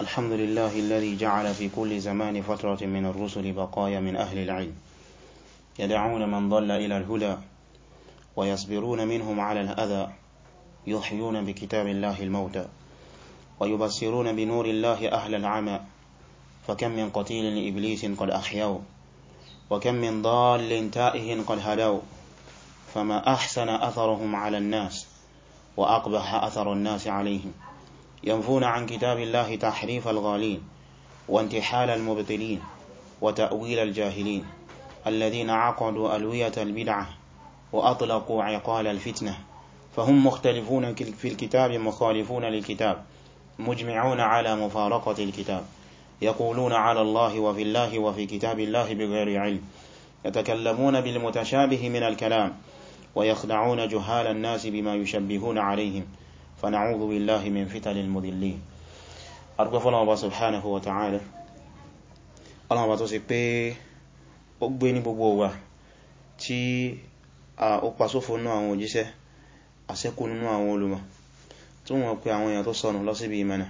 الحمد لله الذي جعل في كل زمان فترة من الرسل بقايا من أهل العلم يدعون من ضل إلى الهدى ويصبرون منهم على الأذى يحيون بكتاب الله الموتى ويبصرون بنور الله أهل العمى فكم من قتيل لإبليس قد أحيوا وكم من ضال تائه قد هدوا فما أحسن أثرهم على الناس وأقبح أثر الناس عليهم ينفون عن كتاب الله تحريف الغالين وانتحال المبطلين وتأويل الجاهلين الذين عقدوا ألوية البدعة وأطلقوا عقال الفتنة فهم مختلفون في الكتاب مخالفون للكتاب مجمعون على مفارقة الكتاب يقولون على الله وفي الله وفي كتاب الله بغير علم يتكلمون بالمتشابه من الكلام ويخدعون جهال الناس بما يشبهون عليهم فنعوذ بالله من فتن المذلين arúgbẹ́ fọ́lọ́wọ́ bá subhanahu wa ta'ala ọlọ́wọ́ bá tó sì pé ó gbé ní gbogbo wa tí a ó pasófò nínú àwọn òjíṣẹ́ àṣẹ́kù nínú àwọn olùmọ̀ tó wọ́n pé àwọn èèyàn tó sọnù lọ síbi ìmẹ́nà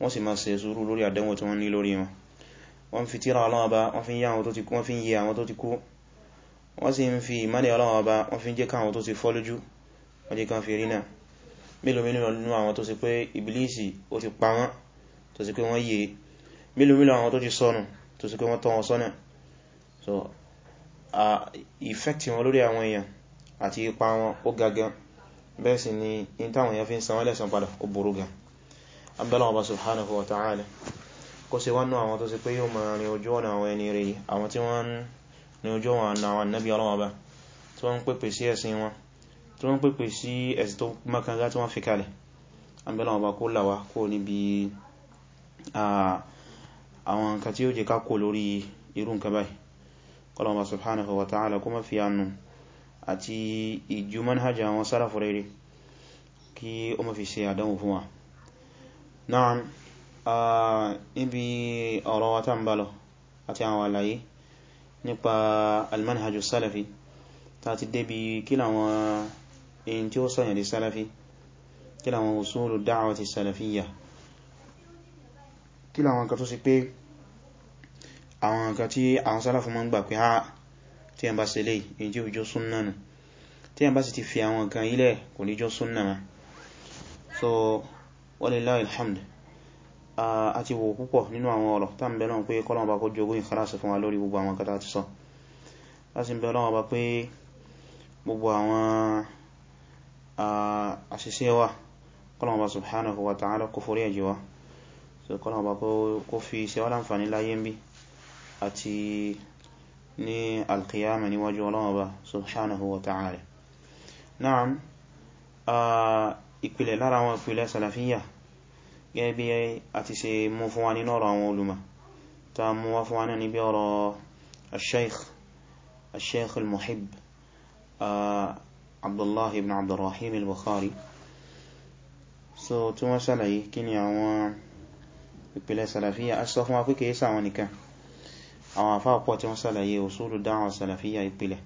wọ́n sì máa ṣe sùúrù lórí àdánwò tí wọ́n ní lórí wọn wọ́n fi tíra ọlọ́wọ́ bá wọ́n fi yí àwọn tó ti kú wọ́n sì ń fi ìmánì ọlọ́wọ́ bá wọ́n fi jẹ́ káwọn tó ti fọ́ lójú wọ́n jẹ́ káwọn fi rí náà mélòó mélòó nínú àwọn tó sì pé ìbìlísì ó ti pa wọ́n tó sì pé wọ́n yìí mélòó mélòó àwọn so a effect wọn lórí àwọn èèyàn àti ipa wọn ó gagan bẹ́ẹ̀ sì ni in táwọn èèyàn fi ń sanwọ́n lẹ́san padà ó burú gan abẹ́lọ́wọ́ bá subhanahu wa ta'ala kó ṣe wọ́n nú àwọn tó sì pé yóò máa tí wọ́n pèpè sí ẹ̀sì tó mọ́kànlá tí wọ́n fi kalẹ̀ àbẹ́lá ọba kó làwá kó níbi àwọn nǹkan tí ó jẹ kákò lórí irú nǹkan báyìí kọlọmọ subhanahu wa ta'ala kó má fi ànú àti ìjú manhaja àwọn sálàfù rere kí ó má fi ṣe àdánwò wa náà níbi ọ̀rọ̀ wa tán balọ̀ almanhajus salafi ta ti débi kí làwọn in tí ó sọ̀yàn di sálafí kí láwọn usulu da'wati salafiyya kí láwọn nǹkan tó sì pé àwọn nǹkan tí àwọn sálàfí mọ́ ń gbà pé ha tí ẹ bá ṣe lè in tí ó jọ súnnà nù tí ẹ bá sì ti fi àwọn nǹkan ilẹ̀ kò ní jọ súnnà so walillahi alhamd àti wò púpọ̀ nínú àwọn ọ̀rọ̀ tá ń bẹ lọ́n pé kọ́lọ̀n bá kó jogún ìkharásí fún wa lórí gbogbo àwọn kata ti sọ láti ń bẹ gbogbo àwọn àṣìṣe wa kọ́lọ̀wọ́ bá subhanahu wa ta'ala kó forí ẹ̀jì wa so kọ́lọ̀wọ́ bá kó fi ṣe wá láǹfàní láyé ń bí àti ní alkiyama níwájú ọlọ́wọ́ bá subhanahu wa ta'ala na'am ìpìlẹ̀ lára àwọn ìpìlẹ̀ salafiyya gẹ́gẹ́ bí a ti ṣe mú fún wa nínú ọ̀rọ̀ àwọn olùmọ̀ ta mú wá fún wa náà níbi ọ̀rọ̀ al-shaykh al-shaykh Abdullah ibn Abdurrahim al-Bukhari so tí wọ́n ṣàlàyé kí ni àwọn ìpìlẹ̀ sàlàfíà a sọ fún wa pé kìí sàwọn nìkan àwọn àfáà pọ̀ tí wọ́n ṣàlàyé usulu da'wa sàlàfíà ìpìlẹ̀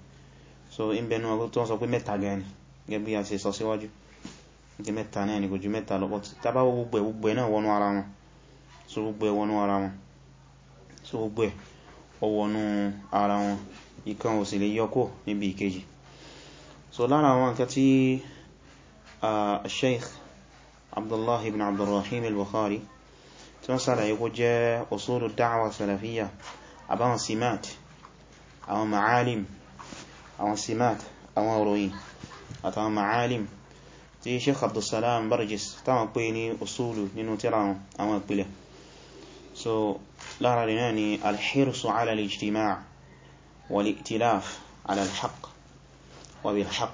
so in bẹnu ọgbọ́ tó wọ́n sọ pé mẹ́ta gan ni gẹ́bí a ṣe sọ síwájú ní mẹ́ta náà ni kò ju mẹ́ta ò sì lè yọkó níbi ìkejì so lára àwọn nǹkan tí a sheikh abdullahi ibn abdurrahim al-bukhari tí wọ́n sára kó jẹ́ òsòrò da'wa salafiyya àbáwọn simat àwọn ma'alim àwọn simat àwọn òròyìn àtàwọn ma'alim tí sheikh abdullahi barjis táwọn pè ní osoro nínú tíra àwọn ìpìlẹ̀ so lára rẹ̀ náà ni alhirsu ala al-ijtima' wal-i'tilaf ala al-haqq وبالحق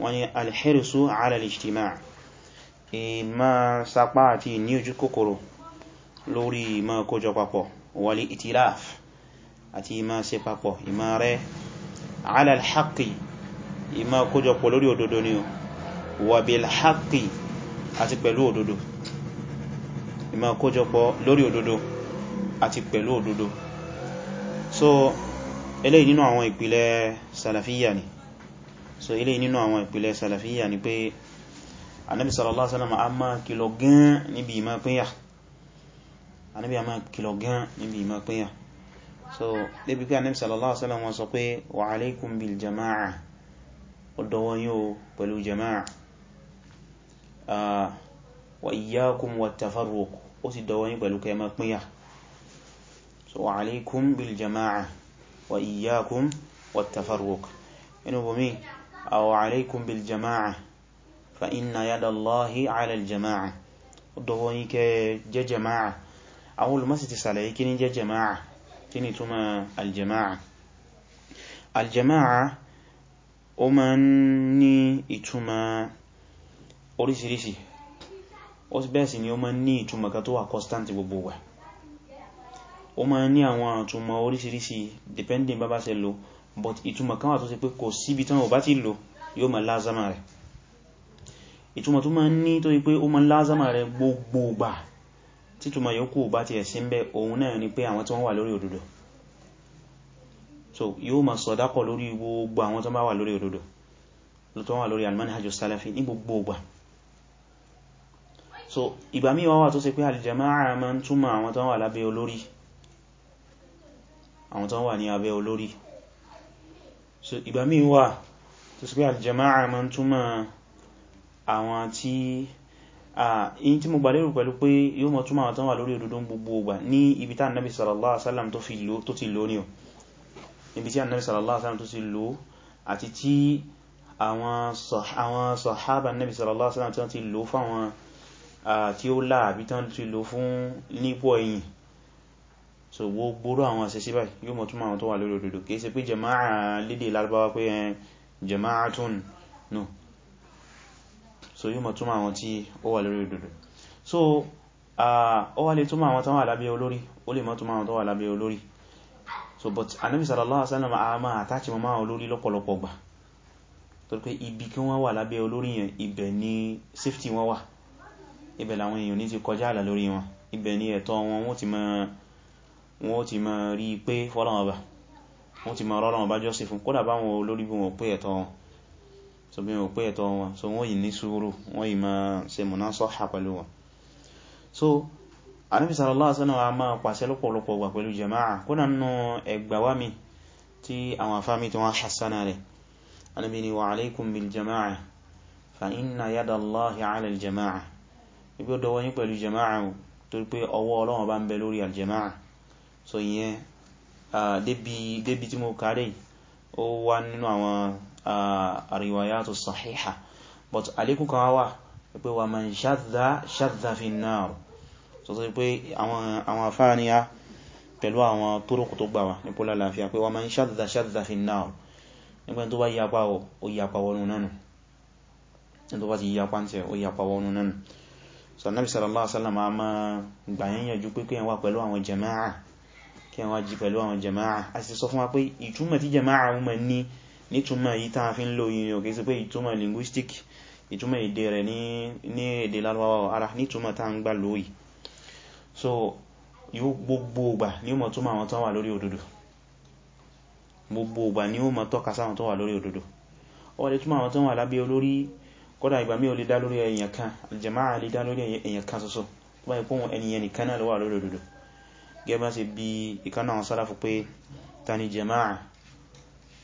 وني الحرص على الاجتماع ما سقاعتي نيوج كوكورو لوري ما كوجو بابو والائتلاف àti ìmá ṣe papọ̀ ìmá rẹ̀ ala al-haqqi ìmá kójọpọ̀ lórí òdodo ni o wa bil-haqqi àti pẹ̀lú òdodo ìmá kójọpọ̀ lórí òdodo àti pẹ̀lú òdodo so eléyìí nínú àwọn ìpìlẹ̀ salafiyya ni so ilé nínú àwọn ìpìlẹ̀ salafiyya ni pé anábi sallallahu alaihi wasallam a máa kìlọ̀ gan níbi ìmá pínyà anábi a máa kìlọ̀ gan níbi ìmá pínyà so débi pé anábi sallallahu alaihi wasallam wọ́n sọ pé wa alaikum bil jama'a ó dọwọ́ yín o pẹ̀lú jama'a wa iyyakum wa alaikum bil bomi أو عليكم بالجماعة فإن يد الله على الجماعة ọdọ̀wọ́yí kẹ jẹ́ jama'a àwọn olùmọ́sí ti sàlàyé kí ní jẹ́ jama'a kí ní túnmà aljama'a aljama'a o ma ń ní ìtumà orísìírísìí ó bẹ́ẹ̀ sì ni o ma ń ní ìtumà kan tó wà constant gbogbo wa o ma ń ní àwọn ìtumà orísìírísìí depending bá bá ṣe lò but ìtumọ̀ kan wà tó ṣe pé kò síbi tán ò bá ti lò yóò ma lázama rẹ̀ ìtumọ̀ tó ma ń ní tó yí pé ó ma lázama rẹ̀ gbogbogbà títúmọ̀ yóò bá ti ẹ̀sí ń bẹ́ òun náà ni pé àwọn tí wọ́n wà lórí òdodo so yóò ma sọ̀dákọ̀ lórí gbogbo àwọn tó bá wà lórí òdodo lọ́tọ́ wà lórí almanhaj so ìgbà míì wá wà tó ṣe pé aljamaa ma ń túmọ̀ àwọn tó wà lábẹ́ àwọn tó wà ní abẹ́ olórí so ìgbà míì wà tó sì pé aljama'a ma ń túnmà àwọn tí a in tí mo gbà lérò pẹ̀lú pé yíò mọ̀ túnmà àwọn tán wà lórí òdodo gbogbo ọgbà ní ibi tí annabi sallallahu alaihi wasallam tó fi lò tó ti lò ní o ibi tí annabi sallallahu alaihi wasallam tó ti lò àti tí àwọn sallallahu alaihi wasallam tó ti lò fáwọn tí ó láàbí tán ti ẹ̀yìn so gbogbo àwọn àṣẹ síbáì yóò mọ̀ túnmọ̀ àwọn tó wà lórí òdòdó kìí ṣe pé jama'a lédè lárúbáwá pé ẹn eh, jama'a tún nù so yóò mọ̀ túnmọ̀ àwọn tí ó wà lórí òdòdó so ó wà lè túnmọ̀ àwọn tó wà lábẹ́ olórí ó lè mọ̀ túnmọ̀ àwọn tó wà lábẹ́ olórí so but anabi sallallahu alaihi wasallam a máa àtàkì mọ́ máa olórí lọ́pọ̀lọpọ̀ gbà torí pé ibi kí wọ́n wà lábẹ́ olórí yẹn ibẹ̀ ni safety wọn wà ibẹ̀ làwọn èèyàn ní ti kọjá àlà lórí wọn ibẹ̀ ni ẹ̀tọ́ wọn wọ́n ti máa wọ́n ti máa rí pé fọ́lọ́wọ́ba wọ́n ti máa rọ́lọ́wọ́ bá jọ́sí fún kódà bá wọn olórí bí wọn pé ẹ̀tọ́ wọn so bí wọn pé ẹ̀tọ́ wọn so wọ́n yìí ní sùúrù wọ́n yìí máa ṣe múná sọ́hà pẹ̀lú wọn so Ànábì sallallahu máa pàṣẹ lọ́pọ̀lọpọ̀ wà pẹ̀lú jama'a kódà so debi debi tí mo kàrí ó wá nínú àwọn àríwáyàtò sahiha but alékún kan wá pé wà man shadda shadda fi nar so tó pé àwọn afáàníyà pẹ̀lú àwọn tórókù tó gbàwà ní pólà láàfíà pé wà man shadda shadda fi an-nar nígbẹ́ tó bá yapa ó yapa wọnú nánu tó bá ti yapa ń tẹ́ ó yapa wọnú nánu so annabi sallallahu alaihi wasallam a máa gbàyànjú pé kíyàn wà pẹ̀lú àwọn jama'a kí àwọn jí pẹ̀lú àwọn jama'a a sì sọ fún wa pé ìtumọ̀ tí jama'a mú mọ̀ ní nítumọ̀ yí tàà fi ń lò yìí òkè sí pé ìtumọ̀ linguistic ìtumọ̀ èdè rẹ̀ ní èdè lárúbáwá ara so yóò gbogbo ìgbà ní ó mọ̀ túnmọ̀ àwọn tó wà lórí òdodo gbogbo ìgbà ní ó mọ̀ tọ́ka sáwọn tó wà lórí òdodo ó lè túnmọ̀ àwọn tó wà lábẹ́ olórí kódà ìgbà mí ò lè dá lórí èèyàn kan aljama'a lè dá lórí èèyàn gẹ́bá ṣe bí ìkánà àwọn sálàfù pé tani jama'a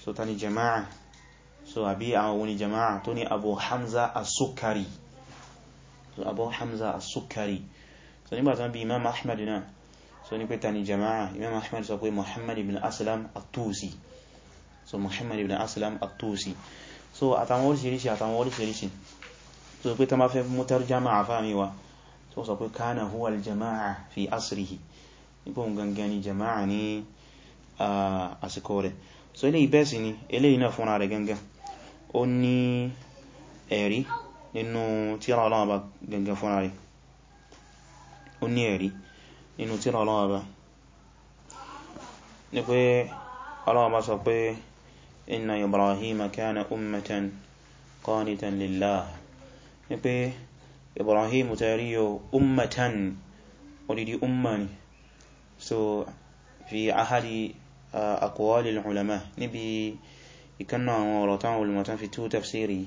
so tani jama'a so àbí àwọn òun ni jama'a tó ní abu hamza as so abu hamza as so nígbàtán bí imam ahmad náà so ní pé tani jama'a imam ahmad sọ pé muhammad ibn aslam at so muhammad ibn aslam at so àtàwọn oríṣiríṣi àtàwọn oríṣiríṣi so pé tán bá fẹ́ mú tarjama àfáàmíwa so sọ pé kana huwa al-jama'a fi asrihi nípa ohun gangan ni jama'a ní àsìkò rẹ̀ so ilé ìbẹ́ẹ̀sì ni ilé iná fúnra rẹ̀ gangan ó ní ẹ̀rí nínú tírà ọlọ́wọ́ bá gangan fúnra rẹ̀ ó ní ẹ̀rí nínú tírà ọlọ́wọ́ bá ní pé ọlọ́wọ́ bá sọ pé inna Ibrahim kana ummatan qanitan lillah ní pé Ibrahim tẹ́rí yóò odidi umma so fi ahadi uh, aqwalil ulama níbi ìkanná àwọn ọ̀rọ̀ táwọn olùmọ̀tán fi tú tafsiri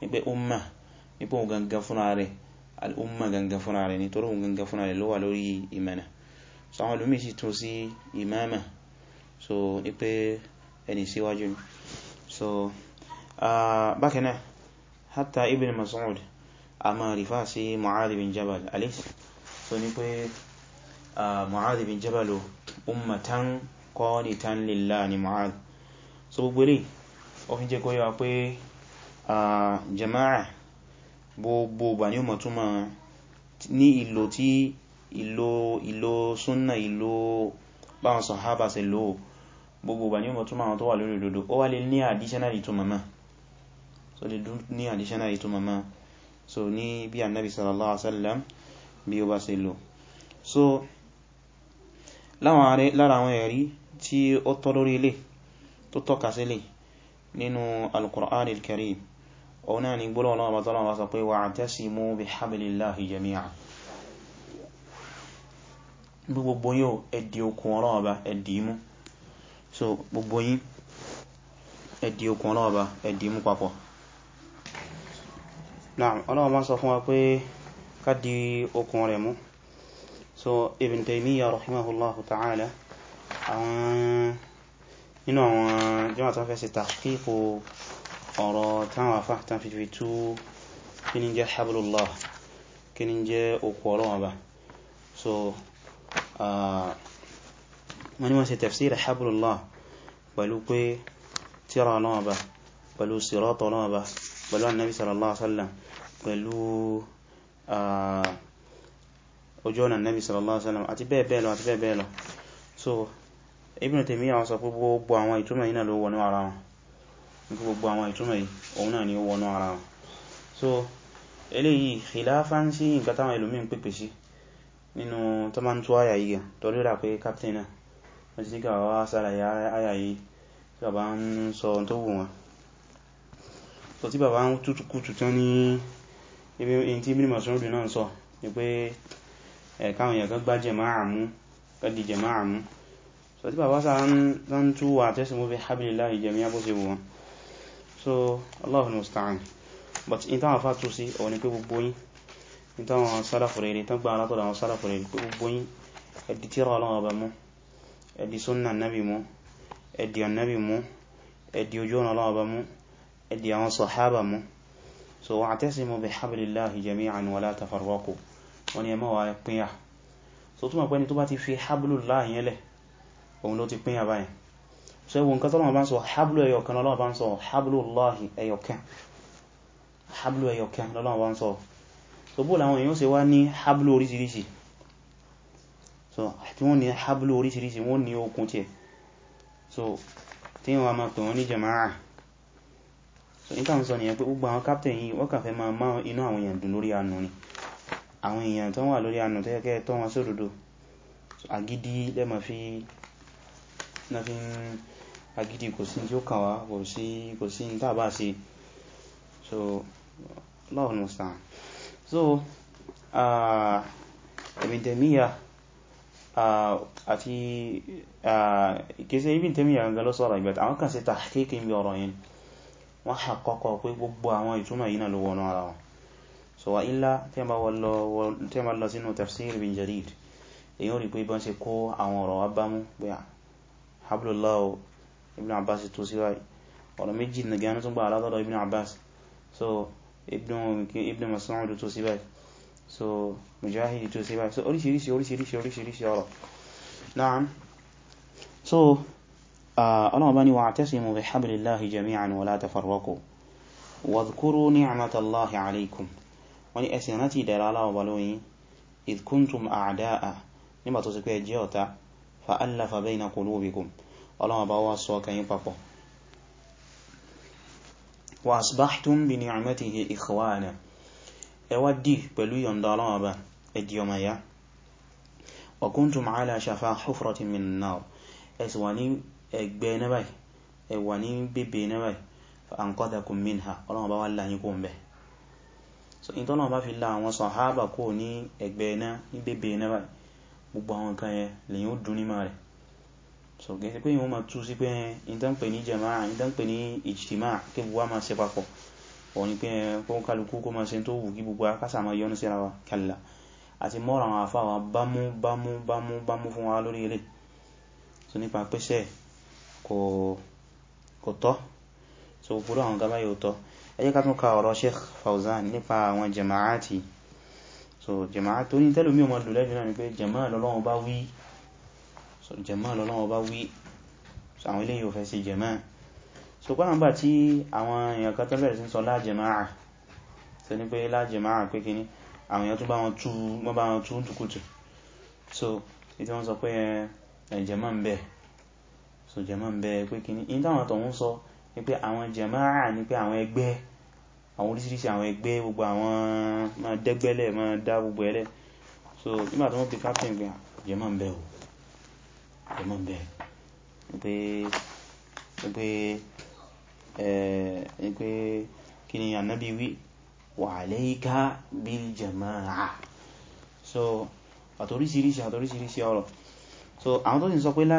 nípe umma nípe ohun gangan fúnra rẹ̀ al'umma gangan fúnra rẹ̀ nítorí ohun gangan fúnra rẹ̀ ló wà lórí ìmánà so àwọn olùmí sì tún sí imama so nípe ẹni síwájú so uh, bákan náà hatta ibn Mas'ud a máa rífà sí Mu'adh Jabal alif so nípe Mu'adh bin Jabal ummatan qanitan lillahi ni Mu'adh so gbogbo rí ó fi jẹ́ kó yíwa pé jama'a gbogbo bà ní ọmọ túnmọ̀ ní ìlò tí ìlò ìlò súnnà ìlò báwọn sàhábà ṣe lò gbogbo bà ní ọmọ túnmọ̀ àwọn tó wà lórí òdodo ó wà lè ní additional ìtumọ̀ mọ́ so lè ní additional ìtumọ̀ mọ́ so ní annabi sallallahu alaihi wasallam bí ó bá ṣe lò so lára àwọn ẹ̀rí tí ó tọ́ lórí ilé tó tọ́ka sílé nínú al-Qur'an al-Karim òun náà ni gbọ́lọ̀ ọlọ́wọ́ bàtọ́lọ́ wá sọ pé wa'tasimu bihablillahi jami'an gbogbo yín ẹ̀dì okùn ọlọ́wọ́ bá ẹ̀dì mú so gbogbo yín ẹ̀dì di okùn rẹ̀ mú so Ibn Taymiyyah rahimahullahu ta'ala àwọn nínú àwọn jẹ́mà tán fẹ́ sí tàkíkò ọ̀rọ̀ táwọn afá tán fi fi tú kí ní jẹ́ hablullah kí ní jẹ́ òkú ọ̀rọ̀ ọba so wọ́n ni wọ́n ṣe tafsir hablullah pẹ̀lú pé tíra náà ba pẹ̀lú sirata náà ba pẹ̀lú annabi sallallahu alaihi wasallam pẹ̀lú ojú ọ̀nà nabi sallallahu alaihi wasallam àti bẹ́ẹ̀ bẹ́ẹ̀ lọ àti bẹ́ẹ̀ bẹ́ẹ̀ lọ so Ibn Taymiyyah àwọn sọ pé gbogbo àwọn ìtumọ̀ yìí náà ló wọnú ara wọn gbogbo àwọn ìtumọ̀ yìí òun náà ni ó wọnú ara wọn so eléyìí khilafan sí nǹkan táwọn ẹlòmí ń pèpè sí nínú tó máa ń tó àyà yìí torí rà pé captain náà wọ́n ti nígbà wá sàlàyé àyà yìí tí bàbá ń sọ ohun tó wù wọn so tí bàbá ń tútù kútù tán ní ibi tí mímọ̀ sọ́rọ̀dù náà sọ ni pé káwọn èèyàn kan gbá jẹmáà mú kọ́dí jẹmáà mú so tí bàbá sáà ń tú wà tẹ́sìmú fi hablillah ìjẹmí àbúsí wọn so Allahu musta'an but in táwọn afá tó sí ọ̀ ní pé gbogbo yín in táwọn sálàfù rere tán gbà látọ̀dọ̀ àwọn sálàfù rere pé gbogbo yín ẹ̀dì tíra ọlọ́run ọba mú ẹ̀dì súnnà nábì mú ẹ̀dì annábì mú ẹ̀dì ojú ọ̀nà wọ́n ni ẹmọ́ wa pínyà so túnmọ̀ pẹ́ni tó bá ti fi hábùlù láàyẹ́ lẹ̀ òun ló ti pínyà báyìí so ewu nǹkan tọ́lọ́wọ́ bá ń sọ hábùlù ẹyọkan lọ́lọ́wọ́ bá ń sọ hablu láàhì ẹyọkan hábùlù ẹyọkan lọ́lọ́wọ́ bá ń sọ so bó làwọn èèyàn ṣe wá ní hábùlù oríṣiríṣi so àti wọ́n ní hábùlù oríṣiríṣi wọ́n ní okun tiẹ̀ so tí wọ́n máa pè wọ́n ní jama'a so ní ni sọ nìyẹn pé gbogbo àwọn captain yìí wọ́n kàfẹ́ máa máa inú àwọn èèyàn dùn lórí àánú ni àwọn èèyàn tó wà lórí ànà tẹ́ẹ̀kẹ́ tó wọn sódòdó agidi lẹ́mọ̀ fi na fi agidi kò sí tí ó kàn wá kò sí kò sí tàbá sí so Allahu musta'an so Ibn Taymiyyah àti ìkéṣẹ́ Ibn Taymiyyah ń gẹ́lọ́ sọ́rọ̀ ìgbẹ̀ta àwọn kan sí tàkíkì ń bí ọ̀rọ̀ yìí wọ́n àkọ́kọ́ pé gbogbo àwọn ìtumọ̀ yìí náà ló wọ́n ara so wa illa tí a ma lọ sínú tafsir bin jarid èyí ò rí pé ibọn ṣe kó àwọn ọ̀rọ̀ wá bámú pé ah, hablullah ibn abbas tó síwáyìí ọ̀rọ̀ méjì nìgan tó gbà alátọ́dọ̀ ibn abbas so ibn mas'ud tó síwáyìí so mujahid tó síwáyìí so oríṣiríṣi oríṣiríṣi oríṣiríṣi ọ̀rọ̀ na'am so ọlọ́wọ́ bá ní wa'tasimu bihablillahi jami'an wa la tafarraqu wọ́n ní ẹsìn rántí ìdẹ̀ra aláwọ̀ bá lóyìn idh kuntum a'da'a nígbà tó sì pé ẹjẹ́ ọ̀tá fa'allafa bayna qulubikum ọlọ́wọ́ bá wá sọ ọkàn yín papọ̀ wa asbahtum bi ni'matihi ikhwana ní bèbè náà báyìí fa anqadhakum ọlọ́wọ́ bá wá láyín kó ń bẹ̀ẹ́ so in tọ́nà bá fi la àwọn sàhábà kó ní ẹgbẹ́ iná ní bèbè iná báyìí gbogbo àwọn nǹkan yẹn lèyìn ó dún ní máa rẹ̀ so gẹ́gẹ́ pé yíò ma tú sí pé ìdán pè ní jama'a ìdán ní ìjìtìmá kí gbogbo ma ṣe papọ̀ wọ́n ni pé kọ́n kálukú kó ma ṣe tó wù kí gbogbo akásà ma yọ́nú síra wa kalla àti mọ́ra àwọn àfáwà bámú bámú so nípa pẹ́sẹ̀ kò tọ́ so gbogbo àwọn gábáyé ẹjẹ́ ká tún ka ọ̀rọ̀ Sheikh Fawzan nípa àwọn jama'ati so jama'a tó ní tẹ́lùmí ọmọ lò lẹ́jọ́ náà ni pé jama'a lọ́lọ́wọ́ bá wí so jama'a lọ́lọ́wọ́ bá wí so àwọn ilé yóò sí jama'a so pàmàbà tí àwọn èèyàn kan tán bẹ̀rẹ̀ sí so ní pé lájama'a pé kíní àwọn èèyàn tún bá wọn tú wọ́n bá so ìtí wọ́n sọ jama'a ń so jama'a ń bẹ pé kíní in ní pé àwọn jama'a ní pé àwọn ẹgbẹ́ àwọn oríṣiríṣi àwọn ẹgbẹ́ gbogbo àwọn ma dẹ́gbẹ́lẹ̀ ma dá gbogbo ẹlẹ́ so nígbà tó wọ́n pè captain gbà ah, jẹmọ́ ń bẹ̀ ò jẹmọ́ ń bẹ̀ ní pé kí ni annabi wí wa alayka bil jama'a so àtoríṣiríṣi àtoríṣiríṣi ọ̀rọ̀ so àwọn tó sì sọ pé lá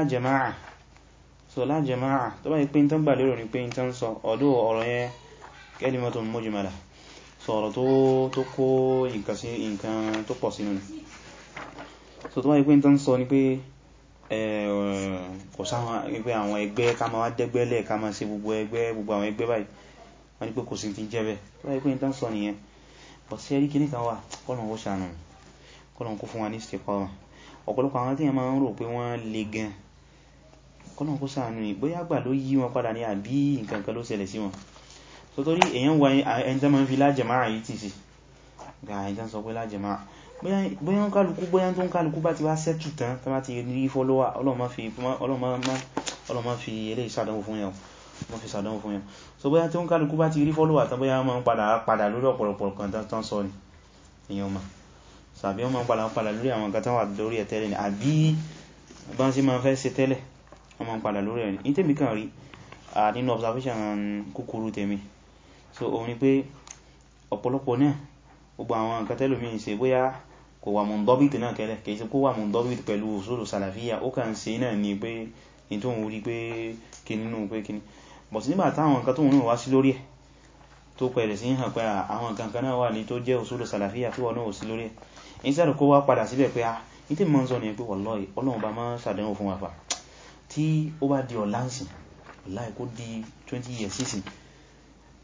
so la jama'a tó bá yí pé tán gbà lérò ní pé tán sọ ọ̀dọ̀ ọ̀rọ̀ yẹn kalimatun mujmala so ọ̀rọ̀ tó kó nǹkan tó pọ̀ sínú ni so tó bá yí pé tán sọ ní pé kò sáwọn pé àwọn ẹgbẹ́ ká ma wá dẹ́gbẹ́lẹ̀ ká ma ṣe gbogbo ẹgbẹ́ gbogbo àwọn ẹgbẹ́ báyìí wọ́n ní pé kò sí ti jẹ́ bẹ́ẹ̀ tó bá yí pé tán sọ nìyẹn bọ̀ sí ẹrí kìíní kan wà kọ́lọ̀n ó ṣàánú kọ́lọ̀n kó fún wa ní ìsìnkọ́ ọ̀pọ̀lọpọ̀ àwọn tí a máa ń rò pé wọ́n le gan kọ́nà kó ṣàánú ni bóyá gbà ló yí wọn padà ní àbí nǹkan kan ló ṣẹlẹ̀ sí wọn so torí èyàn wà ẹni tán ma ń fi lájẹ̀máà yìí tì sí gbà ẹni tán sọ pé lájẹ̀máà bóyá ń kálukú bóyá tó ń kálukú bá ti wá sẹ́tù tán tán bá ti rí fọ́lọ́wà ọlọ́mọ fi ilé ìsàdánwò fún yàn fi sàdánwò fún yàn so bóyá tó ń kálukú bá ti rí fọ́lọ́wà tán bóyá ma ń padà padà lórí ọ̀pọ̀lọpọ̀ kan ni èyàn ma sàbí wọ́n ma ń padà padà lórí àwọn kan tán wà lórí wọ́n ma ń padà lórí ẹ̀rìn ní tèmi kàn rí nínú observation kúkúrú tèmi so òun ni pé ọ̀pọ̀lọpọ̀ náà gbogbo àwọn nǹkan tẹ́lòmí ṣe bóyá kò wà mundabit náà kẹ́lẹ̀ kìí ṣe kó wà mundabit pẹ̀lú usulu salafiyya ó kàn ṣe náà ni pé ní tó ń rí pé kíní nù pé kíní but nígbà táwọn nǹkan tó ń wá sí lórí ẹ̀ tó pẹ̀lẹ̀ sí hàn pé àwọn nǹkan kan náà wà ní tó jẹ́ usulu salafiyya tó wà náà sí lórí ẹ̀ instead kó wá padà síbẹ̀ pé ah ní tí mọ́ ń sọ ni pé wallahi Ọlọ́run bá máa ṣàdánwò fún wa fà tí ó bá di ọ̀la ńsìn láì kó di 20 years sísìn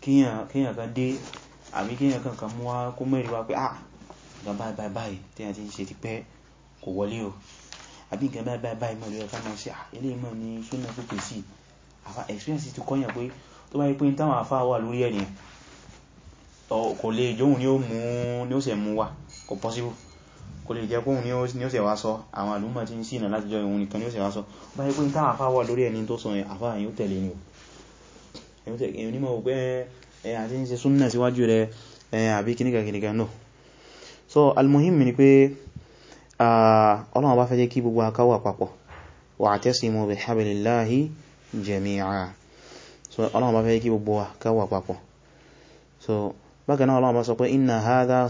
kíyàn kan dé àbí kíyàn kan kan mú wá kó mẹ́rin wá pé ah nǹkan báyìí báyìí báyìí tí a ti ń ṣe ti pẹ́ kò wọlé o àbí nǹkan báyìí báyìí mọ̀ lórí ọ̀ká máa ṣe ilé ìmọ̀ ní súnà tó pè sí àfà experience ti kọ́yàn pé tó bá rí pé táwọn àfà wà lórí ẹ̀yìn kò lè jóhun ni ó mú ni ó sì mú wa kò possible kò lè jẹ́ kóhun ní ó sì wá sọ àwọn àlúmọ̀ tí ń sínà láti jọ ìhun nìkan ní ó sì wá sọ bá yí pín táà àfáwà lórí ẹni tó sọ àfá àyí ó tẹ̀lé ni èyí onímọ̀ pé àti ń ṣe súnnà síwájú rẹ̀ àbí so almuhim ni pé Ọlọ́run bá fẹ́ jẹ́ kí gbogbo akáwà papọ̀ wa'tasimu bihablillahi jami'a so Ọlọ́run bá fẹ́ jẹ́ kí so bákan náà Ọlọ́run bá sọ pé inna hadha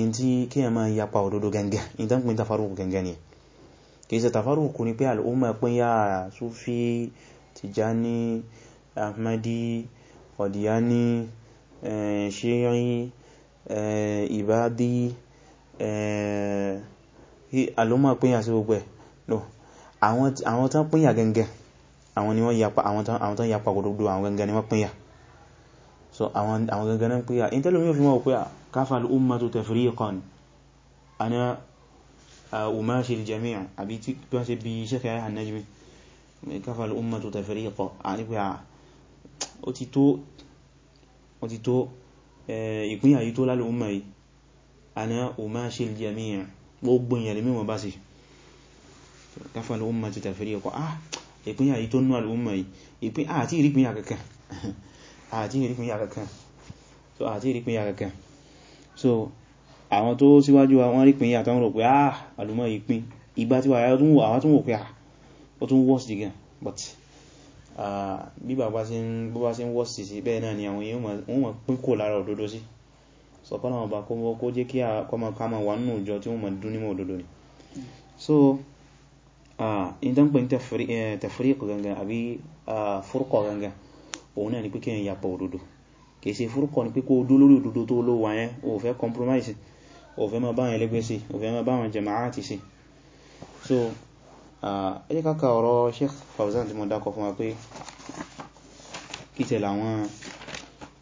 in tí kí ẹ máa yapa òdodo gẹngẹ in tán pín tafarúkù gẹngẹ ni kìí ṣe tafarúkù ni pé al'umma pín Sufi Tijani Ahmadi Qadiani eh, Shii eh, Ibadi al'umma eh, pín yà sí gbogbo ẹ̀ no àwọn tán pín yà gẹngẹ àwọn ni wọ́n yapa àwọn tán yapa òdodo àwọn gẹngẹ ni wọ́n pín so àwọn gẹngẹ náà pín yà in tẹ́lómi ò كفى الأمة تفريقا أنا أماشي الجميع أبي تكبس بشكل النجم كفى الأمة تفريقا أعرف يا أتتو أتتو ìpín àyí tó lálò ọmọ yìí ana umashi al-jami' gbogbo ìyàrí mímọ̀ bá sí káfà al'umma ti tàfírí ọkọ̀ ah ìpín àyí tó nú al'umma yìí ìpín àti ìrípin àkàkà àti ìrípin àkàkà so àwọn tó síwájú àwọn rí pín àtàwọn rò pé ah àlùmọ́ ìpín ìgbà tí àwọn tún wò pé ah ó tún worst gan but ah, bí bàbá sí ń worst sí bẹ́ẹ̀ náà ni àwọn èèyàn wọ́n mọ̀ pín kò lára òdodo sí so kọ́nà ọba kó jẹ́ kí àkọ́mọ kama wà nínú ìjọ tí wọ́n mọ̀ dún nímọ̀ òdodo ni so ah, in tán pẹ̀ ní eh, tafriq gangan ah, ni pé kí èèyàn kìí ṣe fúrúkọ ní pé kó dó tó ló wà yẹn o fẹ́ compromise o fẹ́ má báyẹn lẹ́gbẹ́ sí o fẹ́ má báyẹn jama'a ti sí so ẹ jẹ́ ká ka ọ̀rọ̀ Sheikh Fawzan tí mo dákọ fún wa pé kìtẹ̀ làwọn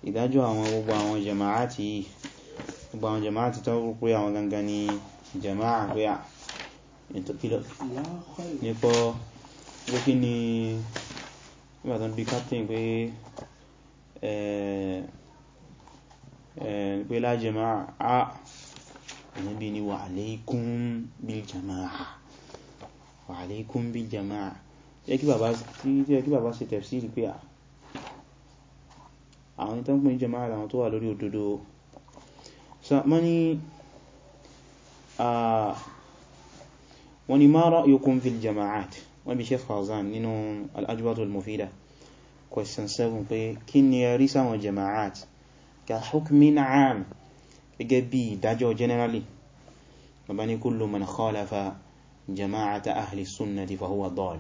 ìdájọ́ àwọn gbogbo àwọn jama'a ti gbogbo àwọn jama'a ti tán rúkú àwọn gangan ni jama'a pé à ìtòkílọ̀ nípa gbókí ni ìbàtàn bí captain pé Eh, eh, pé la jamaa a Ànábì ni wa alaykum bil jamaa wa alaykum bil jamaa jẹ́ kí bàbá ṣe tafsiri pé ah, àwọn ìtàn pín jamaa àwọn tó wà lórí òdodo sàmọ́ni wọ́n ni ma ra'yukum fil jama'at wọ́n bí Shaykh Fawzān nínú al-Ajwabah question 7 pé kí ni ẹ̀rí sáwọn jama'at ka hukmin am gẹ́gẹ́ bí ìdájọ́ generally bàbá ní kullu man khalafa jama'ata ahli sunnati fa huwa dal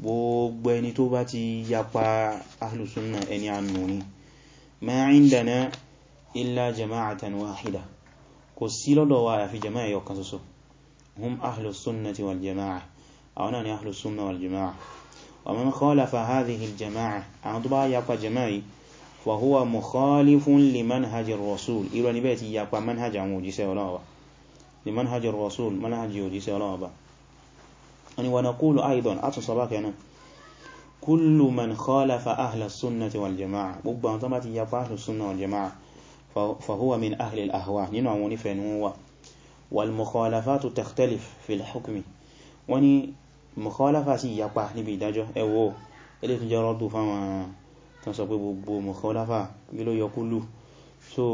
gbogbo ẹni tó bá ti yapa ahli sunna ẹni ànú ni ma indana illa jama'atan wahida kò sí lọ́dọ̀ wa àfi jama'a yọkan ṣoṣo hum ahli sunnati wal jama'a àwọn náà ni ahli wal jama'a ومن خالف هذه الجماعة عن طبعا يقوى جماعي فهو مخالف لمنهج الرسول إذا نبيتي يقوى منهج عموجيسي ولابا لمنهج الرسول منهج عموجيسي ولابا ونقول أيضا أتو صباك هنا كل من خالف أهل السنة والجماعة ببان طبعا يقوى أهل السنة والجماعة فهو من أهل الأهواء ننعوني فنوه والمخالفات تختلف في الحكم ونقول mọ̀kọ́láfà sí ìyapa níbi ìdájọ́ ẹwọ́ ilé tó jẹ́ rọ́dù fáwọn tán sọ pé gbogbo mọ̀kọ́láfà gílò yọkúlù so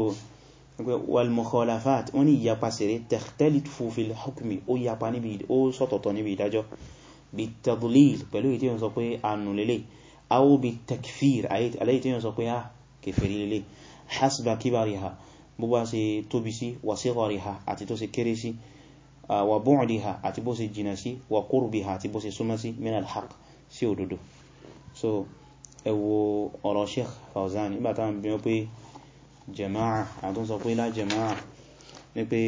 wal mọ̀kọ́láfàt wọ́n ní ìyapa sẹ̀rẹ̀ tẹ̀tẹ̀lìt fòfil hukmi ó yapa níbi ó sọ̀tọ̀tọ̀ níbi ìdájọ́ bí tadlil pẹ̀lú ìtí yóò sọ pé ànù lélẹ̀ awo bí takfir aláyé tí yóò Ah, wa bu'diha àti bó ṣe jìnà sí wa qurbiha àti bó ṣe súnmọ́ sí min al sí òdodo so ẹ wo ọ̀rọ̀ Sheikh Fawzan nígbàtà ń bí wọ́n pé jama'a àtún sọ pé lá jama'a ní pé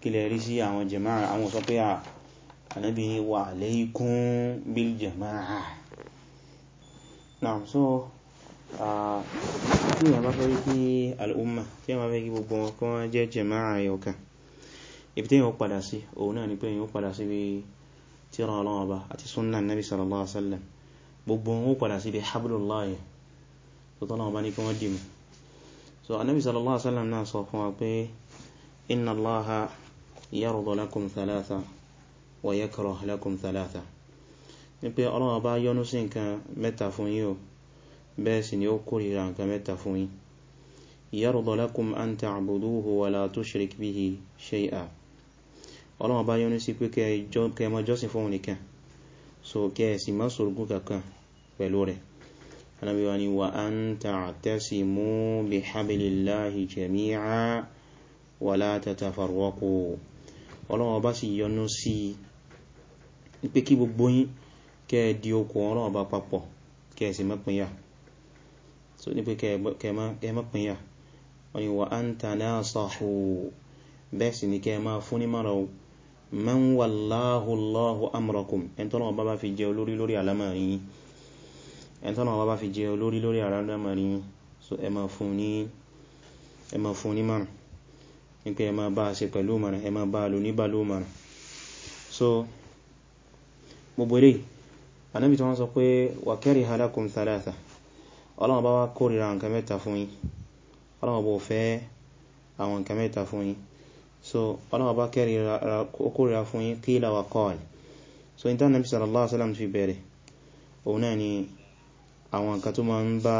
kílẹ̀ rí sí àwọn jama'a àwọn sọ pé ànábì ni wa alaykum bil jama'a naam so tí ìyàmá fẹ́ kí al'umma tí ìyàmá fẹ́ kí gbogbo wọn ibi tí yíò padà sí òun náà ni pé yíò padà sí bí tíra Ọlọ́run Ọba àti súnnà nabi sallallahu alaihi wasallam gbogbo wọn ó padà sí bí hablullahi tó tọ́lọ́run Ọba ní kí wọ́n dìmú so anabi sallallahu alaihi wasallam náà sọ fún wa pé inna allaha yarda lakum thalatha wa yakrah lakum thalatha ní pé Ọlọ́run Ọba yọ́nú sí nǹkan mẹ́ta fún yín o bẹ́ẹ̀ sì lakum an ta'buduhu wa la tushrik bihi shay'a Ọlọ́run bá yọ́nú sí pé kẹ́ mọ́ jọ́sìn fún nìkan so kẹ́ sì má ṣorogún kankan pẹ̀lú rẹ̀ Ànábì wa ní wa an ta'tasimu bihablillahi jami'a wa la tatafarraqu Ọlọ́run bá sì yọ́nú sí pé kí gbogbo yín kẹ́ di okùn Ọlọ́run bá papọ̀ kẹ́ sì má pínyà so ni wa an fún ní mara ohun man wallahu Allahu amrakum ẹn tọ́nà ọba bá fi jẹ olórí lórí àlámàrí yín ẹn tọ́nà ọba bá fi jẹ olórí lórí àlámàrí yín so ẹ máa fún ní ẹ máa fún ní márùn nípa ẹ máa bá a ṣe pẹ̀lú márùn ẹ máa bá a lò ní bá lò márùn so gbogbo eléyìí anábi tí wọ́n sọ pé wa kariha lakum thalatha ọlọ́wọ́ bá wá nǹkan mẹ́ta fún yín ọlọ́wọ́ bó fẹ́ àwọn nǹkan mẹ́ta fún yín so ọlọ́wọ́ bá kórìíra fún yín qila wa qal so in tánàbí sallallahu alaihi wasallam fi bẹ̀rẹ̀ òun náà ni àwọn nǹkan tó ma ń bá